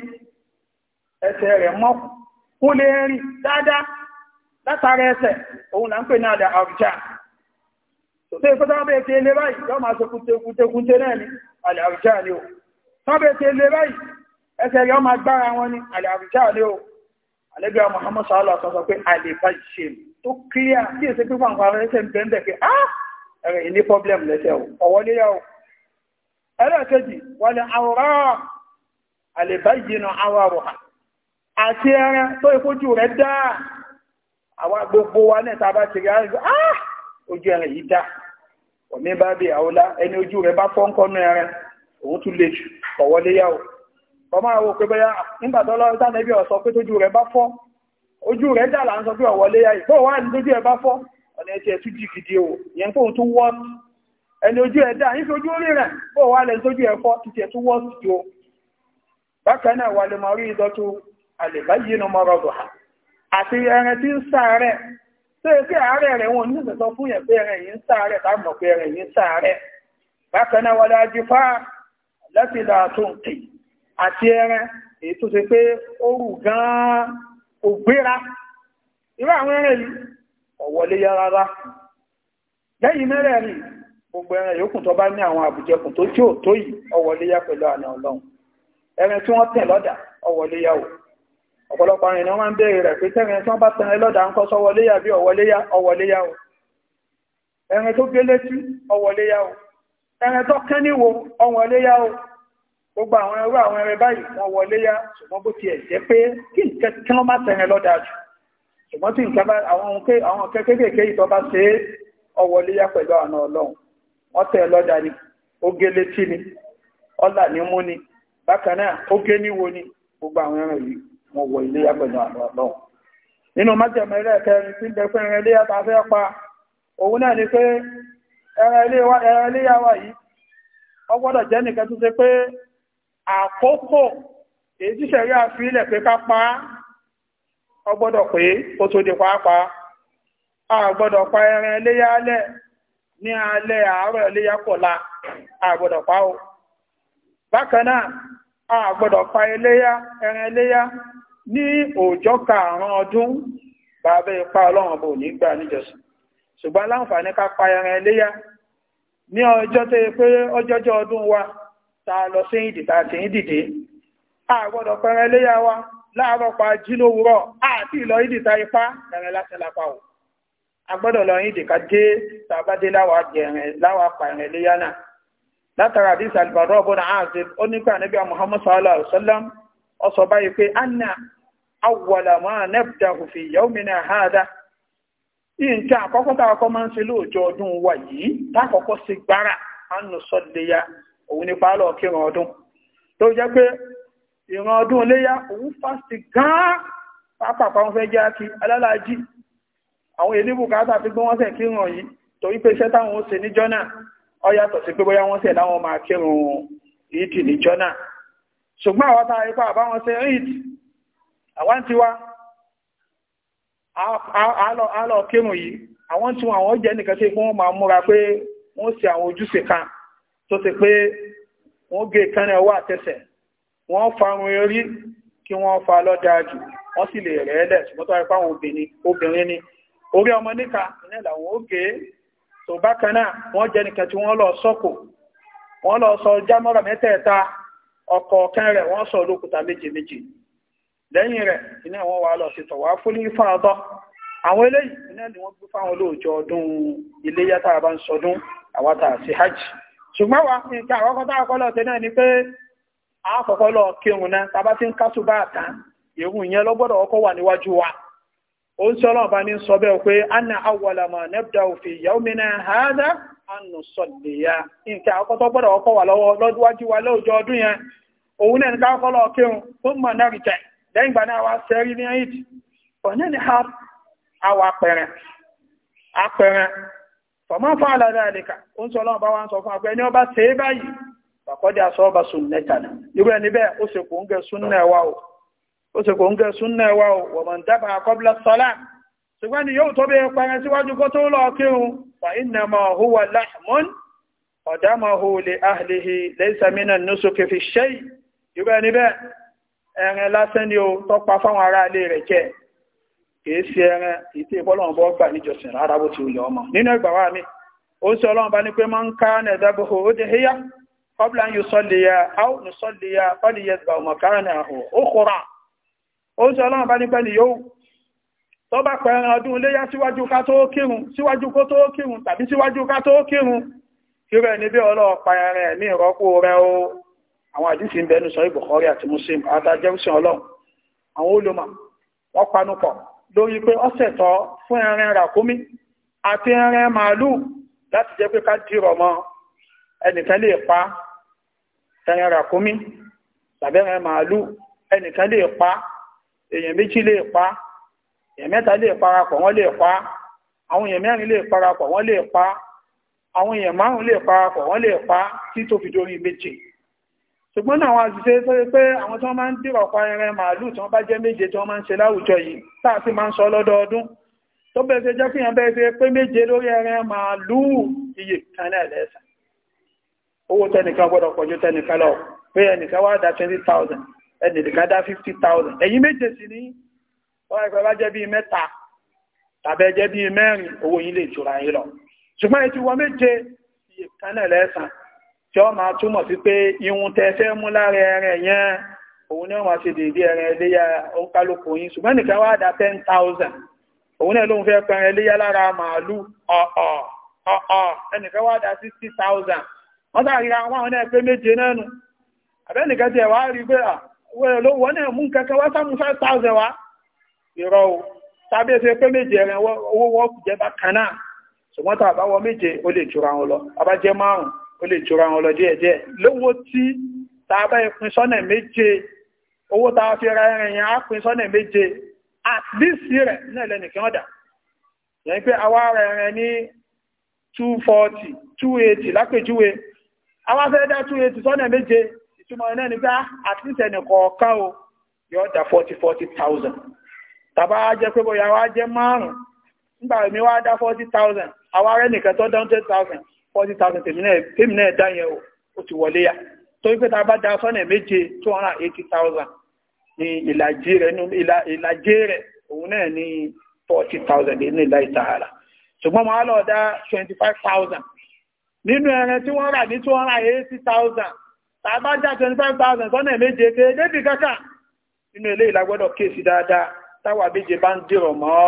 S1: ẹsẹ̀ rẹ̀ mọ́ kó lè rìn dáadáa látara ẹsẹ̀ òun là ń pè ní àdà àrùjá tòtẹ́ ìfọ́tà bẹ́ẹ̀ ti lé báyìí yọ́ máa ṣe náà ní àdà àrùjá ni o tọ́ bẹ́ẹ̀ ti lé báyìí ẹsẹ̀ yọ́ máa gbára wọn ní àdà àrùjá ni o alẹ́gbẹ̀ẹ́ pé ẹ̀rìn ní problem lẹ́sẹ̀ o ọwọ́ níyà o ẹlẹ́kẹ̀jì wọ́n ni àwòrán àlèbáyìnà àwọn àrùhà àti ẹran tó ìkójú rẹ̀ dá àwọn gbogbo wa náà tàbá ti rí àrùn ah ojú ẹran yìí dá omi bá bí àwòlá ẹni ojú rẹ̀ bá fọ́ ńkọ́nú ẹran òun tún lè jù ọwọ́ níyà o ọmọ àwọn òpè bóyá nígbà tó lọ́wọ́ sáà nẹ́bí ọ̀sọ́ pé tójú rẹ̀ bá ojú rẹ̀ bá fọ́ ọ̀nà ẹ̀tì ẹ̀tù jì fìdí o yẹn kóhun tó wọ́ ẹni ojú ẹ̀dá yìí ojú orí rẹ̀ bó wà lẹ̀ sójú ẹ̀fọ́ títí ẹ̀tù wọ́ sí o bákan náà wà lè mọ orí ìdọ́tú àlèbá yìí nà mọ́ rọ̀dọ̀ ha àti ẹran tí ń sáàrẹ̀ tó yẹ pé àárẹ̀ rẹ̀ wọn ní ìsẹ̀sọ fún yẹn pé ẹran yìí ń sáàrẹ̀ tá mọ̀ pé ẹran yìí ń sáàrẹ̀ bákan náà wà lè ajifá láti là tó àti ẹran ọ̀wọ́lé yá rárá lẹ́yìn mẹ́rẹ̀ẹ̀rin gbogbo ẹran yòókùn tó bá ní àwọn àbùjẹkùn tó tí ò tó yìí ọ̀wọ́lé yá pẹ̀lú àná ọlọ́run ẹran tí wọ́n tẹ̀ lọ́dà ọ̀wọ́lé yá o ọ̀pọ̀lọpọ̀ àrìn náà wọ́n ń béèrè rẹ̀ pé tẹ́rin tí wọ́n bá tẹ̀rẹ̀ lọ́dà ń kọ́ sọ́wọ́lé yá bí ọ̀wọ́lé yá ọ̀wọ́lé yá o ẹran tó gbé létí ọ̀wọ́lé yá o ẹran tó kẹ́ níwo ọ̀wọ́lé yá o gbogbo àwọn ẹrú àwọn ẹrẹ báyìí wọ́n wọlé yá ṣùgbọ́n bó tiẹ̀ jẹ́ pé kí nǹkan kí wọ́n má tẹ̀rẹ̀ lọ́dà jù ṣùgbọ́n tí nǹkan bá àwọn kéékèèké yìí tó bá ṣe é ọwọ́léyá pẹ̀lú àna ọlọ́run wọ́n tẹ̀ lọ́dà ni ó gé létí ni ọlà ni mú ni bákan náà ó gé níwo ni gbogbo àwọn ẹran yìí wọ́n wọ pẹ̀lú àna ọlọ́run nínú ilé ẹ̀kẹrin tí ń bẹ fún ẹran tá a fẹ́ pa òun náà ni pé ẹran iléyá wa yìí gbọ́dọ̀ jẹ́ nìkan tó ṣe pé àkókò èyí àfi ilẹ̀ pé ká pa á ọ pé ó tó a pa ẹran iléyá alẹ́ ní alẹ́ àárọ̀ iléyá kọ̀la a gbọ́dọ̀ pa o bákan náà a pa ẹran iléyá ní ọjọ́ karùn-ún ọdún bàbá ipa ọlọ́run bò ní gbà níjọsìn ṣùgbọ́n láǹfààní ká pa ẹran ní ọjọ́ tó yẹ ta lọ sí ìdìtà àti ẹran wa láàárọ̀ pa jínówúrọ̀ àti ìlọ ìdìta ipá ẹ̀rìn láti lápá o agbọ́dọ̀ lọ yín dìka dé tàbádé láwa pa ẹ̀rìn léyà náà látara àdìs àlùbàdàn ọ̀bọ̀nà ààzẹ onígbà níbi Muhammad sallallahu alaihi wasallam ó sọ báyìí pé anna awwala ma nabda'u fi yawmina hadha nǹkan àkọ́kọ́ tá a kọ́ máa ń ṣe lóòjọ́ ọdún wa yìí tá a gbára àánú sọ́dẹ̀yà òun nípa lọ́ọ̀kírun ọdún tó jẹ́ pé ìran ọdún iléyá òun fásitì gan-an pápápá wọn fẹ́ jẹ́ kí alálàájì àwọn elébù káàtà fi gbé wọ́n sẹ̀ kírun yìí torí pé iṣẹ́ táwọn ó ṣe ní jọ́nà ó yàtọ̀ sí pé bóyá wọ́n sẹ̀ láwọn máa kírun ìdì ní jọ́nà ṣùgbọ́n àwọn tá a rí pa àbáwọn ṣe ríd àwọn ti wá àálọ̀ kírun yìí àwọn tí wọn jẹ́ nìkan tí wọ́n máa múra pé wọ́n ṣe àwọn ojúṣe kan tó ṣe pé wọ́n gé kánẹ̀ ọwọ́ àtẹsẹ̀ wọ́n kí wọ́n fa lọ́dáàjù wọ́n sì lè rẹ̀ ẹ́lẹ̀ ṣùgbọ́n ipá àwọn obìnrin ni orí ọmọ níka iná làwọn ó tó e. wọ́n jẹ́ nìkan tí wọ́n lọ sọ́kò wọ́n lọ sọ rẹ̀ wọ́n sọ olókùta méje méje lẹ́yìn rẹ̀ iná wọn wà lọ sí tọ̀wá fún àwọn eléyìí iná ni wọ́n gbé fáwọn bá ń sọdún sí hajj ṣùgbọ́n wa nǹkan àwọn àkọ́kọ́ lọ kírun náà tàbá tí ń kásù bá àtà wà níwájú wa ó ń sọ́lọ́ bá ní sọ bẹ́ẹ̀ pé anna awwala ma nabda'u fi yawmina hadha an nǹkan wa ọdún yẹn òun náà ní lọ kírun mọ̀ náà lẹ́yìn ìgbà náà wá sẹ́rí ní ẹ̀yìn ọ̀nà ni ha àwọ̀ apẹ̀rẹ̀ apẹ̀rẹ̀ sọ wa ń sọ fún ọba fàkọ́dé asọ́ọ̀bà sunnatana irú ẹni bẹ́ẹ̀ ó ṣe kò ń gẹ súnnà ẹwà o ó ṣe kò ń gẹ súnnà ẹwà o wa man daba'a qabla salat ṣùgbọ́n ni yóò tó bẹ́ẹ̀ parẹ́ síwájú kó tó lọ kírun fa innama huwa lahmun qadamahu li ahlihi laysa mina nusuki fi nínú ìgbà wa mi قبل أن يصلي أو نصلي فليتبع مكانه أخرى ó sọ ọlọ́run bá يوم ni yóò tó bá pẹ̀rẹ̀ ọdún iléyá síwájú ká tó kírun síwájú kó tó kírun tàbí síwájú ká tó kírun irẹ́ ní bí ọlọ́ọ̀pá ẹ̀rẹ̀ ní ìrọ́pò rẹ̀ o àwọn àdísì ń bẹnu sọ ìbùkọ́rí àti muslim àtàjẹ́sìn ọlọ́run àwọn olùmọ̀ wọ́n panupọ̀ lórí pé ọ̀sẹ̀ tọ́ fún ẹran ràkúmí àti ẹran màálù láti jẹ́ pé ká dìrọ̀ mọ́ ẹnìkan lè pa ẹran ràkúnmí tàbẹ́ran màálù ẹnìkan lè pa èèyàn méjì lè pa èèyàn mẹ́ta lè parapọ̀ wọ́n lè pa àwọn èèyàn mẹ́rin lè parapọ̀ wọ́n lè pa àwọn èèyàn márùn lè parapọ̀ wọ́n lè pa tí tó fi dórí méje ṣùgbọ́n náà àwọn àṣìṣe tó rí pé àwọn tí wọ́n máa ń dìrọ̀ pa ẹran màálù tí wọ́n bá jẹ́ méje tí wọ́n máa ń ṣe láwùjọ yìí táà sì máa ń sọ lọ́dọọdún tó bẹ̀rẹ̀ jẹ́ fìyàn bẹ́ẹ̀ pé méje lórí ẹran màálù iye kan náà lẹ́sà owó tẹnìkan gbọ́dọ̀ pọ̀jù tẹnìkan lọ pé ẹnìkan wá dá 20,000 ẹnìkan dá 50,000 ẹ̀yin méje sí ní ọwọ́ ìpẹ́ bá jẹ́ bí mẹ́ta tàbí ẹjẹ́ bí mẹ́rin owó yìí lè jùra yìí lọ ṣùgbọ́n ètí wọ́n méje iye kan náà lẹ́sàn tí ó máa túmọ̀ sí pé ihun tẹ fẹ́ mú lára ẹran yẹn òun ni wọ́n máa ṣe dèédé ẹran iléyà òǹkálùkù yìí ṣùgbọ́n nìkan wá dá 10,000 òun náà lóun fẹ́ pẹ̀rẹ̀ iléyà lára màálù ọ̀ọ̀ ọ̀ọ̀ ẹnìkan wá dá 60,000 wọ́n tàà ríra àwọn àwọn ẹgbẹ́ méje nẹ́nu àbẹ́nìkẹ́ tẹ̀ rí pé àwẹ́ ah, ló wọ́n náà mú kẹ́kẹ́ wá wá ìrọ̀ o tàbí ẹsẹ̀ pé méje rẹ̀ owó wọ́n kù jẹ́ bákan náà ṣùgbọ́n tàà bá wọ méje ó lè jura wọn lọ bàbá jẹ́ márùn ó lè jura wọn lọ díẹ̀díẹ̀ lówó tí tàà bá ìpín sọ́nà méje owó tàà fi ra ẹrin yẹn sọ́nà méje at rẹ̀ náà lẹ́nìkan ọ̀dà yẹn pé àwa lápèjúwe àwọn afẹ́ dá tún yẹn sọ́nà méje ìtumọ̀ iná ní nìkan ọ̀ká o yóò dá forty forty thousand tàbá jẹ́ pé bóyá wá jẹ́ márùn-ún nígbà mi wá dá forty thousand àwọn arẹ́ nìkan tó dán ten thousand forty thousand tèmi náà dá yẹn o ó ti wọlé yà torí pé tàbá dá sọ́nà méje two hundred eighty thousand ní ìlàjì rẹ̀ ìlàjì rẹ̀ òun náà ní forty thousand ní ìlà ìtàhàlà ṣùgbọ́n mo nínú ẹran tí wọ́n rà ní 280,000 tàbá já 25,000 sọ́nà méje kéèdé bí kẹ́kà nínú ilé ìlagbọ́dọ̀ kéèsì dáadáa táwà méje bá ń dìrọ̀ mọ́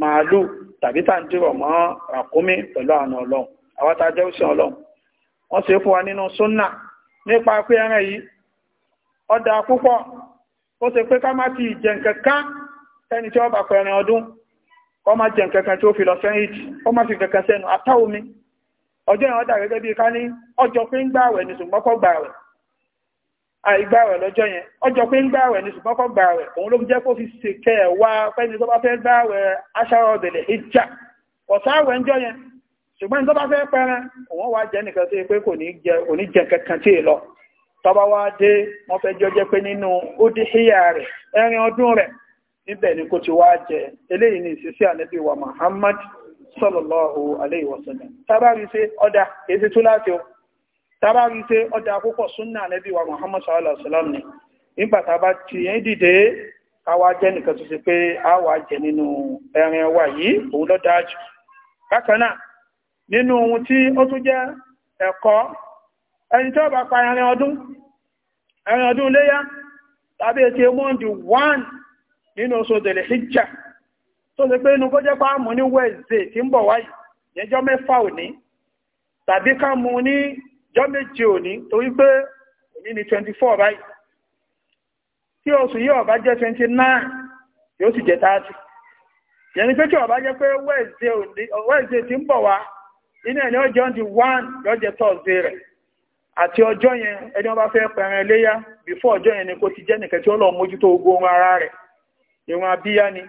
S1: màálù tàbí tà ń dìrọ̀ mọ́ ràkúnmí pẹ̀lú àna ọlọ́run àwọn tá a jẹ́ òsìn ọlọ́run wọ́n sì fún wa nínú súnà nípa pé ẹran yìí ọ̀dà púpọ̀ ó ṣe pé ká má ti jẹ nǹkan kan sẹ́ni tí wọ́n bá pẹ̀rẹ̀ ọdún kọ́ má jẹ nǹkan tí ó fi lọ sẹ́yìn ìtì má fi kankan sẹ́nu àtàwọn mi ọjọ́ yẹn ọdà gẹ́gẹ́ bíi ká ní ọjọ́ pé ń gbààwẹ̀ ni ṣùgbọ́n kò gbààwẹ̀ àìgbààwẹ̀ lọ́jọ́ yẹn ọjọ́ pé ń gbààwẹ̀ ni ṣùgbọ́n kò gbààwẹ̀ òun ló jẹ́ kó fi ṣèkẹ́ ẹ̀ wá tó bá fẹ́ yẹn ṣùgbọ́n tó bá fẹ́ pẹ́ran òun wá pé kò ní jẹ kankan lọ wá dé pé nínú ó dé híyà rẹ̀ ẹ̀rin ọdún rẹ̀ níbẹ̀ ni kò sallallahu alayhi wa sallam ṣe èsì tó láti o tábàrí ṣe ọ̀dà púpọ̀ súnà nẹ́bí wa muhammad sallallahu alayhi wa sallam ti yẹn dìde káwá jẹ́ nìkan tó pé a wà jẹ nínú ẹran wa yìí òun dájú nínú ohun tí ó tún jẹ́ ẹ̀kọ́ ẹni tó bá pa ẹran ọdún ẹran tó ṣe pé inú kó jẹ́ pa mú ní wednesday tí ń bọ̀ wáyìí mẹ́fà òní tàbí ká mú ní jọ́ méje òní torí pé òní ni twenty four báyìí tí oṣù yìí ó bá jẹ́ twenty nine yóò sì jẹ́ thirty yẹn ni pé kí bá jẹ́ pé wednesday ti jẹ́ nìkan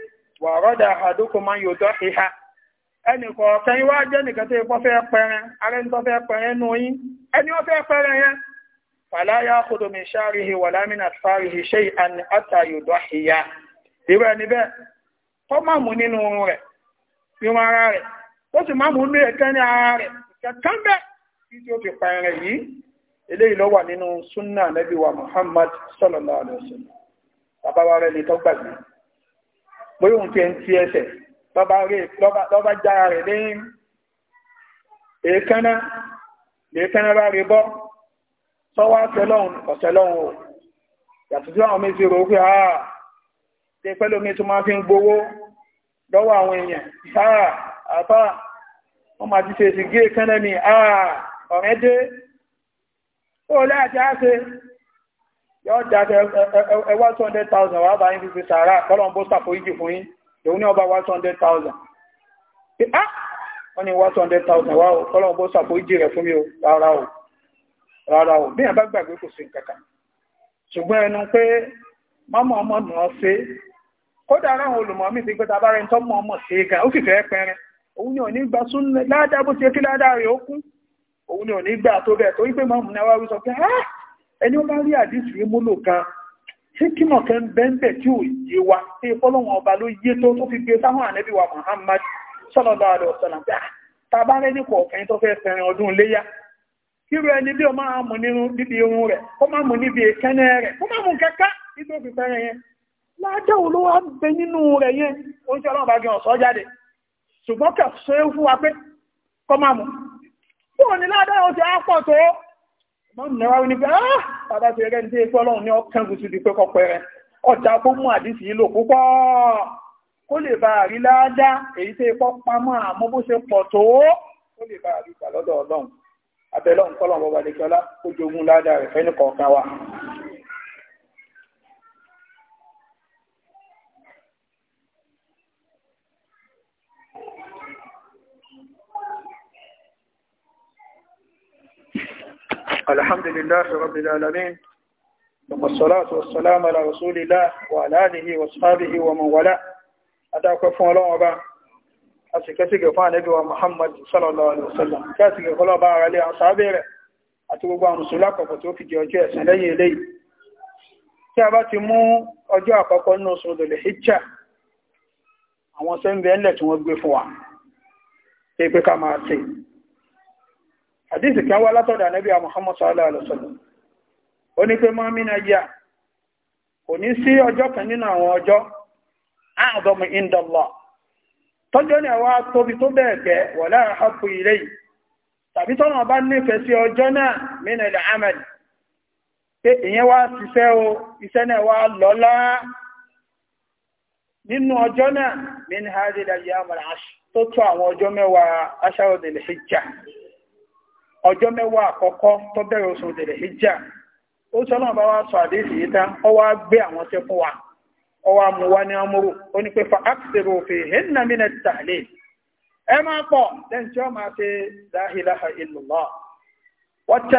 S1: wà rọ́dà àdókò máa yóò dọ́ ìhà ẹnìkọ̀ ọ̀kẹ́yìn wá jẹ́ nìkan tó ipọ́ fẹ́ pẹ̀rẹ̀ ara ẹni tó fẹ́ pẹ̀rẹ̀ nù yín ẹni wọ́n fẹ́ pẹ̀rẹ̀ yẹn fàlá yá kòtò mi ṣáàrìhì wà lámìnà fáàrìhì ṣe àní àtà yóò dọ́ ìyá irú ẹni bẹ́ẹ̀ kọ́ má mú nínú rẹ̀ nínú ara rẹ̀ ó sì má mú ní ẹ̀kẹ́ ní ara rẹ̀ kẹ̀kẹ́ bẹ́ẹ̀ kí tí ó fi pẹ̀rẹ̀ yìí eléyìí ló wà nínú súnnà nẹ́bí wa Muhammad sallallahu alaihi wasallam bóyá òun tiẹ̀ ń ti ẹsẹ̀ lọ́ba jára rẹ̀ lẹ́yìn èékánná lèékánná bá rí bọ́ sọ́wọ́ àtẹlọ́hún ọ̀tẹlọ́hún o yàtọ̀ tí àwọn méjì rò pé àà tí pẹ́lú mi tó máa fi ń gbowó lọ́wọ́ àwọn èèyàn sáà àbá wọ́n máa ti ṣe èsì èékánná ni àà ọ̀rẹ́ dé ó láti á yóò jáde ẹwà 200,000 wà bá yín fífi sàárà kọ́lọ̀n bó sàfòyíjì fún yín èwú ah! ní ọba 100,000 wọ́n ni 100,000 wà ó kọ́lọ̀n bó sàfòyíjì rẹ̀ fún mi rárá o rárá o bí gbàgbé kò sí ṣùgbọ́n ẹnu pé mọ́mọ́ ọmọ nù ọ́ kódà ara àwọn olùmọ̀ ti gbé ọmọ gan ó ni ní gbà sún ládàá ẹni ó bá rí àdísù yìí múlò kan ṣé kímọ̀ kẹ́ ń bẹ́ńbẹ̀ tí ò yé wa tí ìfọ́lọ́wọ́n ọba ló yé tó tó fi gbé sáwọn ànẹ́bí wa Muhammad sallallahu alaihi wasallam ah, tàbá lẹ́ni kọ̀ọ̀kan tó fẹ́ fẹ́rin ọdún léyá kíru ẹni bí o máa mú níbi irun rẹ̀ kó mú níbi ìkẹ́nẹ́ rẹ̀ kó mú kẹ́kẹ́ nígbà òfin yẹn wo ló wá ń bẹ nínú rẹ̀ yẹn ó mọ́mù náà wáwí ní pé ah bàbá ti rẹ̀ ní tí epo ọlọ́run ní ọkàn gùsù di pé kọpẹ rẹ̀ ọjà kó mú àdìsí yìí lò púpọ̀ kó lè bá àrí láádá èyí tí epo pamọ́ àmọ́ bó ṣe pọ̀ tó kó lè bá àrí ìgbà lọ́dọ̀ ọlọ́run abẹ́lọ́run kọ́lọ́run bọ́ba lè kọ́lá kó jogún láádá rẹ̀ fẹ́ nìkọ̀ọ̀kan wa الحمد لله رب العالمين والصلاة والسلام على رسول الله وعلى آله وصحبه ومن والاه أتاكم فون الله وبا أسكتك فان نبي محمد صلى الله عليه وسلم كاتك فلا با عليه أصحابه أتوبوا مسلاك فتوفي جوجه سنين إليه tí a bá ti mú ọjọ́ àkọ́kọ́ nínú oṣù òdòlè hijja àwọn sẹ́ńbẹ̀ẹ́lẹ̀ tí wọ́n gbé àdíṣì kan wá látọ̀dọ̀ ànábì Muhammad sallallahu alaihi wasallam ó ní pé mọ́ mínà yá kò ní sí ọjọ́ kan nínú àwọn ọjọ́ àádọ́mù indọ́lá tọ́jọ́ ní àwa tóbi tó bẹ́ẹ̀ gẹ́ wọ̀ láàrín hapu ilé yìí tàbí tọ́nà bá nífẹ̀ẹ́ sí ọjọ́ náà mínà ilẹ̀ ahmed pé ìyẹn wá ṣiṣẹ́ o iṣẹ́ náà wá lọ́lá nínú ọjọ́ náà mínà hajj tó tó àwọn ọjọ́ mẹ́wàá aṣáwọ̀dẹ̀lẹ̀ ọjọ́ mẹ́wàá àkọ́kọ́ tó bẹ̀rẹ̀ oṣù tẹ̀lẹ̀ hijab ó sọ náà bá wá sọ ọ wá gbé àwọn tẹ fún wa ọ wá mú wa ní amúrú ó ní pé fa òfin hinna mi ẹ máa pọ̀ lẹ́yìn tí ó máa ṣe ẹ máa pọ̀ lẹ́yìn tí ó máa ṣe wọ́n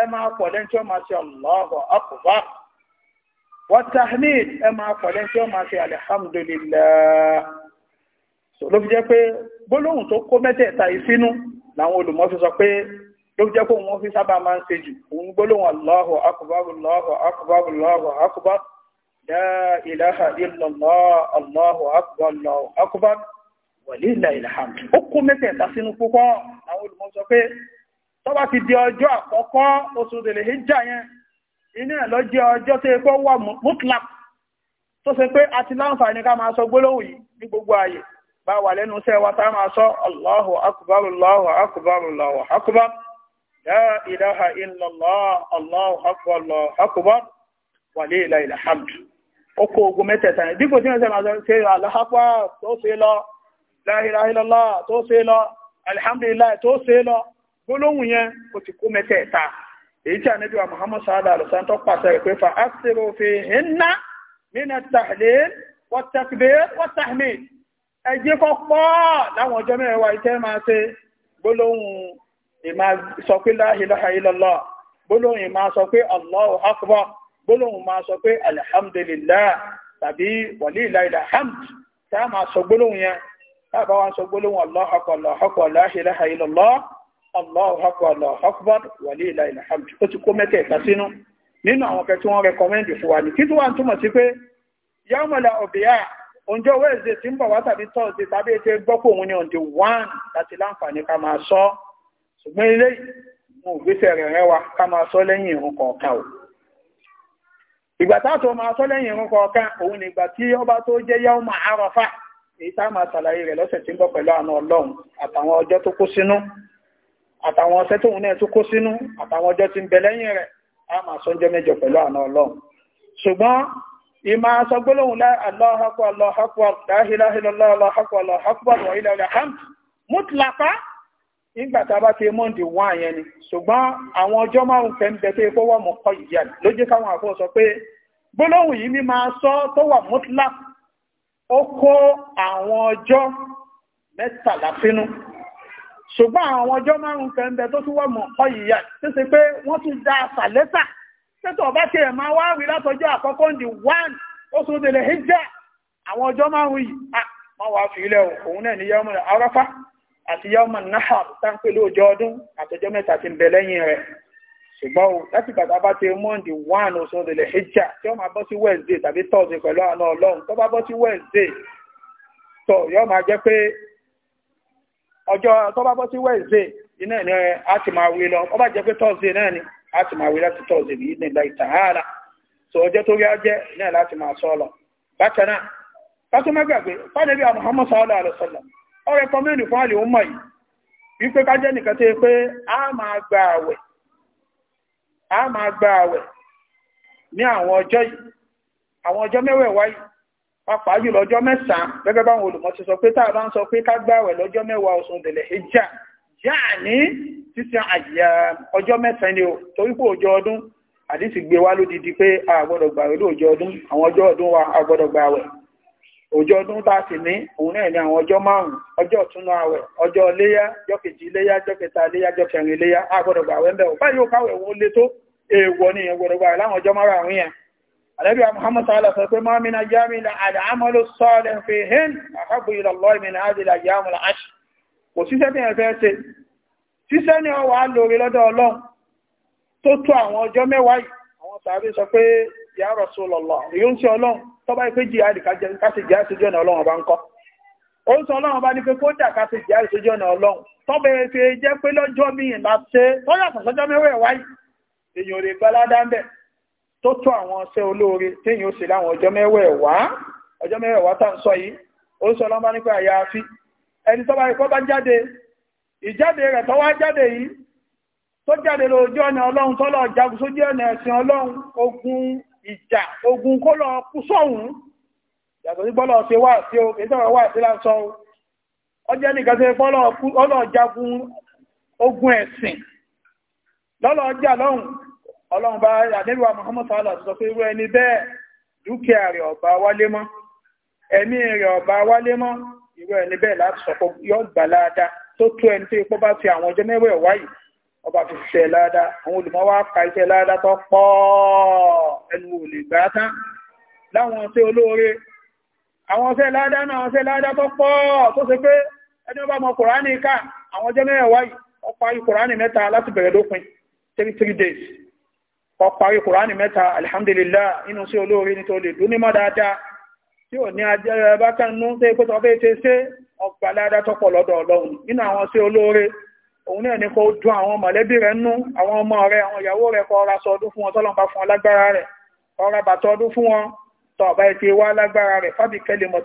S1: ẹ máa pọ̀ lẹ́yìn tí ó máa ṣe ló fi jẹ́ pé gbólóhùn tó làwọn olùmọ̀ fi sọ pé ló jẹ́ kó wọ́n fi sábà máa ń ṣe jù òun gbólóhùn Allahu akbar Allahu akbar Allahu akbar la ilaha illallah Allahu akbar Allahu akbar wàlíìlà ìlàhàmù ó kó mẹ́tẹ̀ẹ̀ta sínú púpọ̀ àwọn olùmọ̀ sọ pé tọ́ba ti di ọjọ́ àkọ́kọ́ oṣù tèlè hijja yẹn iná ẹ̀ lọ́jọ́ ọjọ́ tó yẹ kó wà mutlak tó ṣe pé a láǹfààní ká máa sọ gbólóhùn yìí ní gbogbo ààyè bá wà lẹ́nu iṣẹ́ wa tá máa sọ Allahu akbar Allahu akbar Allahu akbar la ilaha illallah Allahu akbar Allahu akbar wa lillahi alhamd ó kó ogun mẹ́tẹ̀ẹ̀ta ní dípò tí wọ́n sẹ́ máa sọ ṣe Allahu akbar tó ṣe lọ la ilaha illallah tó ṣe lọ alhamdulillah tó ṣe lọ gbólóhùn yẹn ó ti kó mẹ́tẹ̀ẹ̀ta èyí tí ànábì wa Muhammad sallallahu alaihi tó pàṣẹ rẹ̀ pé fa asiru fihinna mina tahlil wa takbir wa tahmid ẹjẹ́ kọ́ pọ́ láwọn ọjọ́ mẹ́wàá ìtẹ́ máa ṣe gbólóhùn ìmá sọ pé la ilaha illallah gbólóhùn ìmá sọ pé Allahu akbar gbólóhùn máa sọ pé alhamdulillah tàbí walillahil hamd tá a máa sọ gbólóhùn yẹn tábà wá sọ gbólóhùn Allahu akbar Allahu akbar la ilaha illallah Allahu akbar Allahu akbar walillahil òǹjẹ́ wẹ́ẹ̀sẹ̀ tí ń bọ̀ wá tàbí tọ́ọ̀sẹ̀ tàbí ètò gbọ́pọ̀ òun ni ọ̀dẹ̀ wán láti láǹfààní ká máa sọ ṣùgbọ́n ilé mo gbéṣẹ́ rẹ̀ rẹwà ká máa sọ lẹ́yìn ìrun kọ̀ọ̀kan o ìgbà táàtò máa sọ lẹ́yìn ìrun kọ̀ọ̀kan òun ni ìgbà tí ọba tó jẹ́ yá ọmọ àràfà èyí tá máa ṣàlàyé rẹ̀ lọ́sẹ̀ tí ń bọ̀ pẹ̀lú àna ọlọ́run àtàwọn ọjọ́ tó kó sínú ìmá sọgbólóhùn Allahu Akbar Allahu Akbar la ilaha illallah Allahu Akbar Allahu Akbar wa ilal hamd mútìlápá nígbàtà bá ti mọ́ ǹdí wọ́n àyẹn ni ṣùgbọ́n àwọn ọjọ́ márùn fẹ́ ń bẹ tó ikú wọ́n mọ̀ kọ́ ìyá ló jẹ́ káwọn àfọ́ sọ pé gbólóhùn yìí ní máa sọ tó wà mútìlá ó kó pé wọ́n tún dá àṣà lẹ́tà tẹ́tọ̀ ọba tí ẹ̀ máa wá rí látọjọ́ àkọ́kọ́ ní wán oṣù tẹ̀lẹ̀ hijjá àwọn ọjọ́ márùn yìí ma wà fi ilẹ̀ òun náà ní yọ́mọ̀ arafa àti yọ́mọ̀ náà tánpé lóòjọ́ ọdún àtọjọ́ mẹ́ta ti ń bẹ lẹ́yìn rẹ̀ ṣùgbọ́n o láti gbàgbà bá ti mọ́ ní wán oṣù tẹ̀lẹ̀ hijjá tí ó máa bọ́ sí wednesday tàbí thursday pẹ̀lú àna ọlọ́run tó bá bọ́ sí wednesday tó yọ́ máa jẹ́ pé ọjọ́ tó bá bọ́ sí wednesday iná ni a ti máa wí lọ ó bá jẹ́ pé thursday náà ni á ti máa wí láti tọ́sídẹ̀ẹ́ yìí nílá ìtàhálà tó ọjọ́ tó rí ajẹ́ náà láti máa sọ lọ. bákan náà kásùmá gbàgbé fáwọn ẹbí Muhammad sallallahu alaihi wasallam ọ rẹkọmẹ́ndì fún àlè ọmọ yìí wípé kájẹ́ nìkan tó yẹ pé a máa gba àwẹ̀ a máa gba àwẹ̀ ní àwọn ọjọ́ yìí àwọn ọjọ́ mẹ́wẹ̀ẹ̀wá yìí pàápàá jùlọ ọjọ́ mẹ́sàn-án gẹ́gẹ́ báwọn olùmọ̀ ti sọ pé tá a bá ń sọ pé ká gbààwẹ̀ lọ́jọ́ mẹ́wàá oṣù dẹ̀lẹ̀ hijjah yáàní títí àjíyà ọjọ́ mẹsẹ ni o torí pé ọjọ́ ọdún àdísì gbé wá lódìdí pé a gbọ́dọ̀ gbàwẹ̀ lóòjọ́ ọdún àwọn ọjọ́ ọdún wa a gbọ́dọ̀ gbàwẹ̀ ọjọ́ ọdún tá ní òun náà ni àwọn ọjọ́ márùn-ún ọjọ́ ọ̀túnú àwẹ̀ ọjọ́ iléyá ọjọ́ iléyá ọjọ́ iléyá a gbọ́dọ̀ gbàwẹ̀ ń bẹ̀ lé tó èèwọ̀ ni ìyẹn gbọ́dọ̀ gbàwẹ̀ láwọn ọjọ́ márùn-ún kò síṣẹ́ tí ẹ̀fẹ́ ṣe síṣẹ́ ni ọwà lórí lọ́dọ̀ ọlọ́run tó tó àwọn ọjọ́ mẹ́wàá yìí àwọn sàárè sọ pé ya Rasulullah èyí ń ṣe ọlọ́run tó bá pé jìyà rí káṣe jìyà ìṣojú ọ̀nà ọlọ́run bá ń kọ́ ó ń sọ ọlọ́run bá ní pé kó dà káṣe jìyà ìṣojú ọ̀nà ọlọ́run tó bẹ̀rẹ̀ fi jẹ́ pé lọ́jọ́ mi ìlà ṣe tó yàtọ̀ sọ́jọ́ mẹ́wàá wáyé èèyàn rè gbaládá ń bẹ̀ tó tó àwọn ọṣẹ́ olóore téèyàn ó ṣe láwọn ọjọ́ mẹ́wàá ọjọ́ mẹ́wàá tá ń sọ yìí ó ń sọ ọlọ́run bá ní ẹni tọ́ba ikọ́ bá jáde ìjáde rẹ̀ tọ́wá jáde yìí tó jáde lójú ọ̀nà ọlọ́run tọ́lọ̀ jagun sójú ọ̀nà ẹ̀sìn ọlọ́run ogun ìjà ogun kó lọ kú sọ́hun yàtọ̀ sí bọ́lọ̀ ṣe wà sí o kìí sọ̀rọ̀ wà sí lásọ o ọjọ́ nìkan ṣe fọ́lọ̀ ọlọ́ jagun ogun ẹ̀sìn lọ́lọ́ ọjà lọ́hùn ọlọ́run bá àdébíwá Muhammad sallah sọ pé irú ẹni bẹ́ẹ̀ dúkìá rẹ̀ ọba wálé mọ́ ẹ̀mí rẹ̀ ọba wálé mọ́ irú ẹni bẹ́ẹ̀ láti sọ pé yọ gbà láadáa tó tó ẹni tó ipò bá fi àwọn ọjọ́ mẹ́wẹ̀ẹ́ wáyìí ọba fi ṣiṣẹ́ láadáa àwọn olùmọ̀ wá ka iṣẹ́ láadáa tó pọ̀ ẹnu ò lè gbà á tán láwọn ọ̀sẹ̀ olóore àwọn ọ̀sẹ̀ láadáa náà ọ̀sẹ̀ láadáa tó pọ̀ tó ṣe pé ẹni ọba mọ kùránì ká àwọn ọjọ́ mẹ́wẹ̀ẹ́ wáyìí ó parí kùránì mẹ́ta láti bẹ̀rẹ̀ dópin three three days ó parí kùránì mẹ́ta alihamdulilayi inú sí olóore nítorí dúnímọ̀ dáadáa tí ò ní ajẹ́rẹ́ bákan mú ṣe pé tọ́fẹ́ ṣe ṣe ọgbà ládá tọ́pọ̀ lọ́dọ̀ ọlọ́run nínú àwọn sí olóore òun náà ní kó àwọn mọ̀lẹ́bí rẹ̀ nú àwọn ọmọ rẹ̀ àwọn ìyàwó rẹ̀ kọ́ ra sọdún fún wọn tọ́lọ́n fún wọn lágbára rẹ̀ kọ́ bàtọ́ ọdún fún wọn tọ́ ọ̀bá ti wá lágbára rẹ̀ fábì kẹ́lẹ̀ mọ̀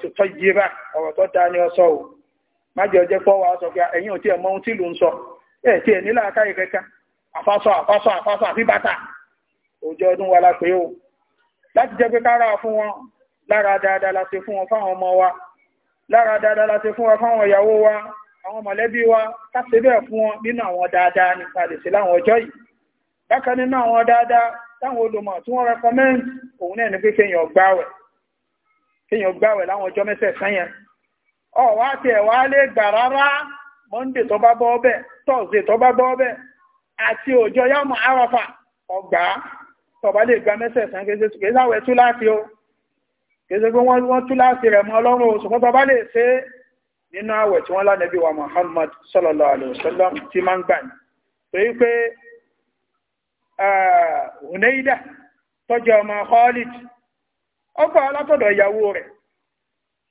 S1: tó yíra lára dáadáa la ṣe fún wọn fáwọn ọmọ wa lára dáadáa la ṣe fún wa fáwọn ìyàwó wa àwọn mọ̀lẹ́bí wa ká ṣe bẹ́ẹ̀ fún wọn nínú àwọn dáadáa nípa lè ṣe láwọn ọjọ́ yìí bákan nínú àwọn dáadáa táwọn olùmọ̀ tí wọ́n recommend òun náà ní pé kéèyàn gbáwẹ̀ kéèyàn gbáwẹ̀ láwọn ọjọ́ mẹ́sẹ̀ẹ̀sán yẹn ọ̀wá tiẹ̀ wá lè gbà rárá monday tó bá bọ́ ọbẹ̀ thursday tó bá bọ́ ọbẹ̀ àti ọjọ́ yàmù arafa ọgbà tó bá lè gba mẹ́sẹ̀ẹ̀sán kéèké láwẹ̀ tú láti o kéèsè pé wọ́n tú láti rẹ̀ mọ́ ọlọ́run oṣù kan bá lè ṣe nínú àwẹ̀ tí wọ́n lánàbí wa Muhammad sallallahu alaihi wasallam ti máa ń gbà ní torí pé Huneida tọ́jú ọmọ Khalid ọgbà alátọ̀dọ̀ ìyàwó rẹ̀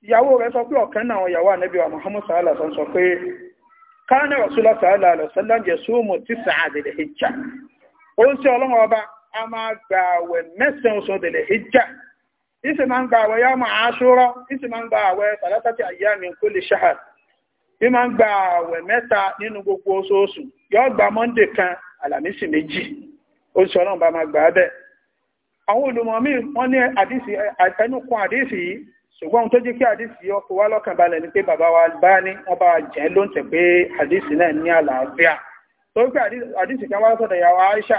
S1: ìyàwó rẹ̀ sọ pé ọ̀kan náà àwọn ìyàwó ànàbí wa Muhammad sallallahu alaihi sọ pé káàní rasulullah sallallahu alaihi wasallam súnmù tí sàádìlẹ̀ hijja ó ń ṣe ọlọ́run ọba a máa gbà àwẹ̀ mẹ́sàn-án isi máa ń gba ya yá máa isi ìsì máa ń gba àwẹ̀ tàlátàtì àyà min kulli shahr bí máa ń gba awa mẹ́ta nínú gbogbo oṣooṣù yóò gba mọnde kan alamisi meji o ọlọ́run bá máa gbà á àwọn olùmọ̀mí wọ́n ní àdìsí ẹnukun àdìsí yìí ṣùgbọ́n tó jẹ́ kí àdìsí ọkọ̀ wá lọ́kàn balẹ̀ ni pé bàbá wa bá ní wọ́n bá jẹ́ ló ń tẹ̀ pé àdìsí náà ní àlàáfíà torí pé àdìsí kan wá sọ̀dọ̀ ìyàwó Aisha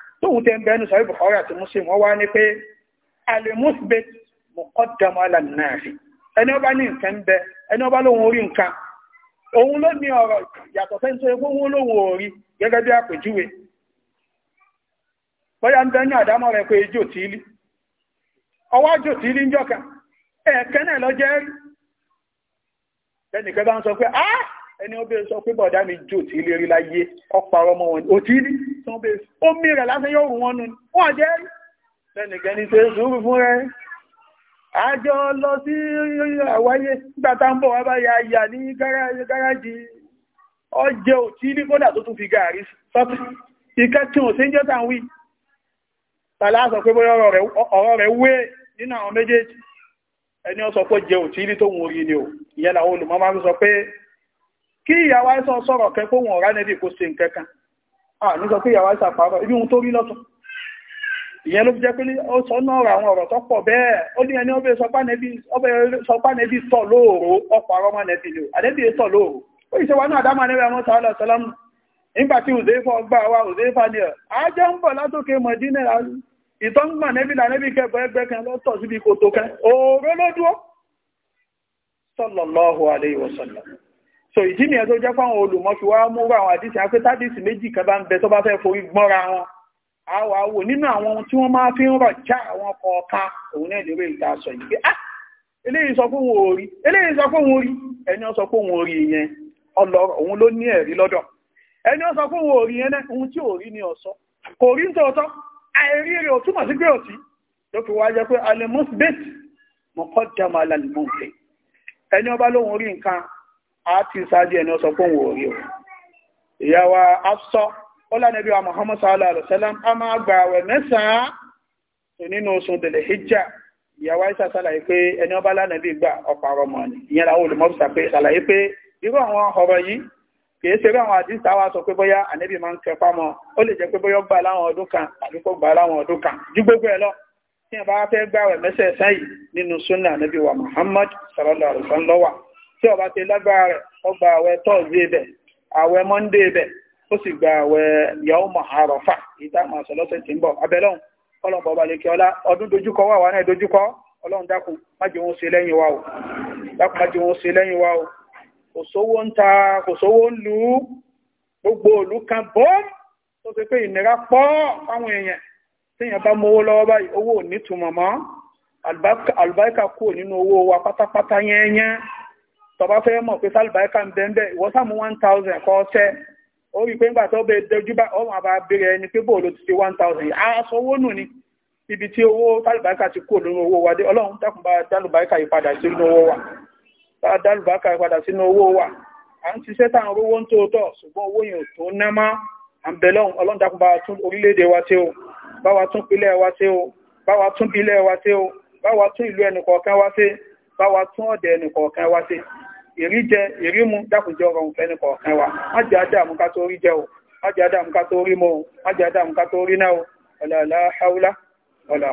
S1: tóhun tẹ́ ń bẹ́nu sọ Bukhari àti Muslim wọ́n wá ní pé alimusbet muqaddam ala an-nafi ẹni ọba ní nǹkan bẹ ẹni ọba orí nǹkan òun ló ní ọ̀rọ̀ yàtọ̀ fẹ́ tó egbó wọn orí gẹ́gẹ́ bí àpèjúwe bóyá ń bẹ ní àdámọ́ pé ejò ọwọ́ ẹni ó bèèrè sọ pé bọ̀dá mi jò tí ilé rí láyé ọ̀pá ọmọ wọn ò ní tí wọ́n ó mí lásán yóò rù wọn nù wọn jẹ́ rí lẹ́nìkan ní ṣe sùúrù fún rẹ̀ àjọ lọ sí àwáyé nígbà tá ń bọ̀ wá báyà yà ní gáràjì ọjẹ́ ò ní kódà tó tún fi gàárì sọ́tì ìkẹ́ tí wọ́n sí ń wí tàlá sọ pé bóyá ọ̀rọ̀ rẹ̀ wé nínú àwọn méjèèjì ẹni ó sọ pé jẹ òtí ní tó wọ́n rí ni ò ìyẹn làwọn olùmọ́ kí ìyàwó àìsàn sọ̀rọ̀ kẹ́ pé wọn ọ̀rá nẹ́bí kò ṣe nǹkan kan ní sọ pé ìyàwó àìsàn pàárọ̀ ibi ohun tó rí lọ́tún ìyẹn ló fi jẹ́ pé ó sọ náà ra àwọn ọ̀rọ̀ tó pọ̀ bẹ́ẹ̀ ó ní ẹni ọbẹ̀ sọpá nẹ́bí tọ̀ lóòrò ọ̀pọ̀ àrọ́ mọ́ nẹ́bí lò àdẹ́bí tọ̀ lóòrò ó sì ṣe wá náà àdámà nẹ́bí àwọn sàálà sọlámù nígbà tí òzèéfà gbà wá òzèéfà ni ẹ̀ ajá ń bọ̀ látòkè mọ̀dínà ìtọ́ngbà nẹ́bí là nẹ́bí kẹ́ gbẹ́gbẹ́ kan lọ́tọ̀ síbi kòtò kan òòró ló dúró sallallahu alaihi wasallam so ìdí nìyẹn tó jẹ́ fáwọn olùmọ́fi wá múrò àwọn àdìsí afẹ́tàdìsí méjì kan bá ń bẹ tó bá fẹ́ forí gbọ́ra wọn a wà wò nínú àwọn ohun tí wọ́n máa fi ń rọ̀ já àwọn kọ̀ọ̀kan òun náà lè rí ìta sọ yìí pé ah eléyìí sọ fún òun orí eléyìí sọ fún òun orí ẹni ó sọ fún òun orí yẹn ọlọ́rọ̀ òun ló ní ẹ̀rí lọ́dọ̀ ẹni ó sọ fún òun orí yẹn náà ohun tí òun rí ni ọ̀sọ́ kò rí ń tòótọ́ àìrí rẹ̀ ò túmọ̀ sí pé òtí ló fi wá jẹ́ pé alimus bẹ́ẹ̀tì mọ̀kọ́ dàmọ́ alalimus ẹni ó lóhun orí nǹkan a ti sáájú ẹni ọsọ fún òun orí o ìyàwó afsọ ó lánàbí wa muhammad sallallahu alaihi wasallam a máa gba àwẹ̀ mẹ́sàn-án tó nínú oṣù dèlè hijja ìyàwó aisha ṣàlàyé pé ẹni ọba lánàbí gbà ọ̀pọ̀ àrọ̀ mọ̀ ni ìyẹn làwọn olùmọ̀ọ́sà pé ṣàlàyé pé irú àwọn ọ̀rọ̀ yìí kìí ṣe bí àwọn àdìsí àwa sọ pé bóyá ànẹ́bí máa ń kẹfà mọ́ ó lè jẹ́ pé bóyá gbà láwọn ọdún kan àbí kò gbà láwọn ọdún kan ju gbogbo ẹ̀ lọ tí ẹ bá fẹ́ gbàwẹ̀ mẹ́sẹ̀ẹ̀sán yìí nínú sunna ànẹ́bí wa muhammad sallallahu alaihi wasallam tí ó bá ti lágbára rẹ̀ ó gba àwẹ̀ tọ́ọ̀sì bẹ̀ àwẹ̀ mọ́ndé bẹ̀ ó sì gba àwẹ̀ yawm Àràfà ìtàkùn àṣọ lọ́sẹ̀ tí ń bọ̀ abẹ́lọ́hùn ọlọ́run bọ̀ọ̀bà lè kí ọlá ọdún dojúkọ wà wà náà dojúkọ ọlọ́run dákun májì wọn ṣe lẹ́yìn wa o dákun májì wọn ṣe lẹ́yìn wa o kò sówó ń ta kò sówó ń lù gbogbo òlú kan bọ́ tó ṣe pé ìnira pọ̀ fáwọn èèyàn téèyàn bá mówó lọ́wọ́ báyìí owó ò ní túmọ̀ mọ́ àlùbáríkà kúrò nínú owó wa pátápátá yẹ́nyẹ́ tọba fẹ́ mọ̀ pé sálùbáríkà ń bẹ ń bẹ ìwọ sàmú one thousand kọ́ tẹ́ ó rí i pé ńgbà tó bẹ dojú bá ọmọ àbá abẹ́rẹ́ ẹni pé bóòlù ti ṣe one thousand yìí aṣọ owó nù ni ibi tí owó sálùbáríkà ti kú lórí owó wa dé ọlọ́run dákun bá dálùbáríkà yìí padà sínú owó wa bá dálùbáríkà yìí padà sínú owó wa à ń ṣiṣẹ́ tá à ń rówó ń tóótọ́ ṣùgbọ́n owó yẹn ò tó ná má à ń bẹ lọ́hùn ọlọ́run bá wa tún orílẹ̀-èdè wa ṣe o bá wa tún pilẹ̀ wa ṣe o bá ìríjẹ ìrímu dákùnjẹ ọrọ̀ òun fẹ́ni kọ̀ọ̀kan wa wọ́n jẹ́ ká tó rí jẹ o wọ́n jẹ́ adáàmú ká tó rí mọ́ o wọ́n jẹ́ adáàmú ká tó rí náà o ọ̀là haúlá ọla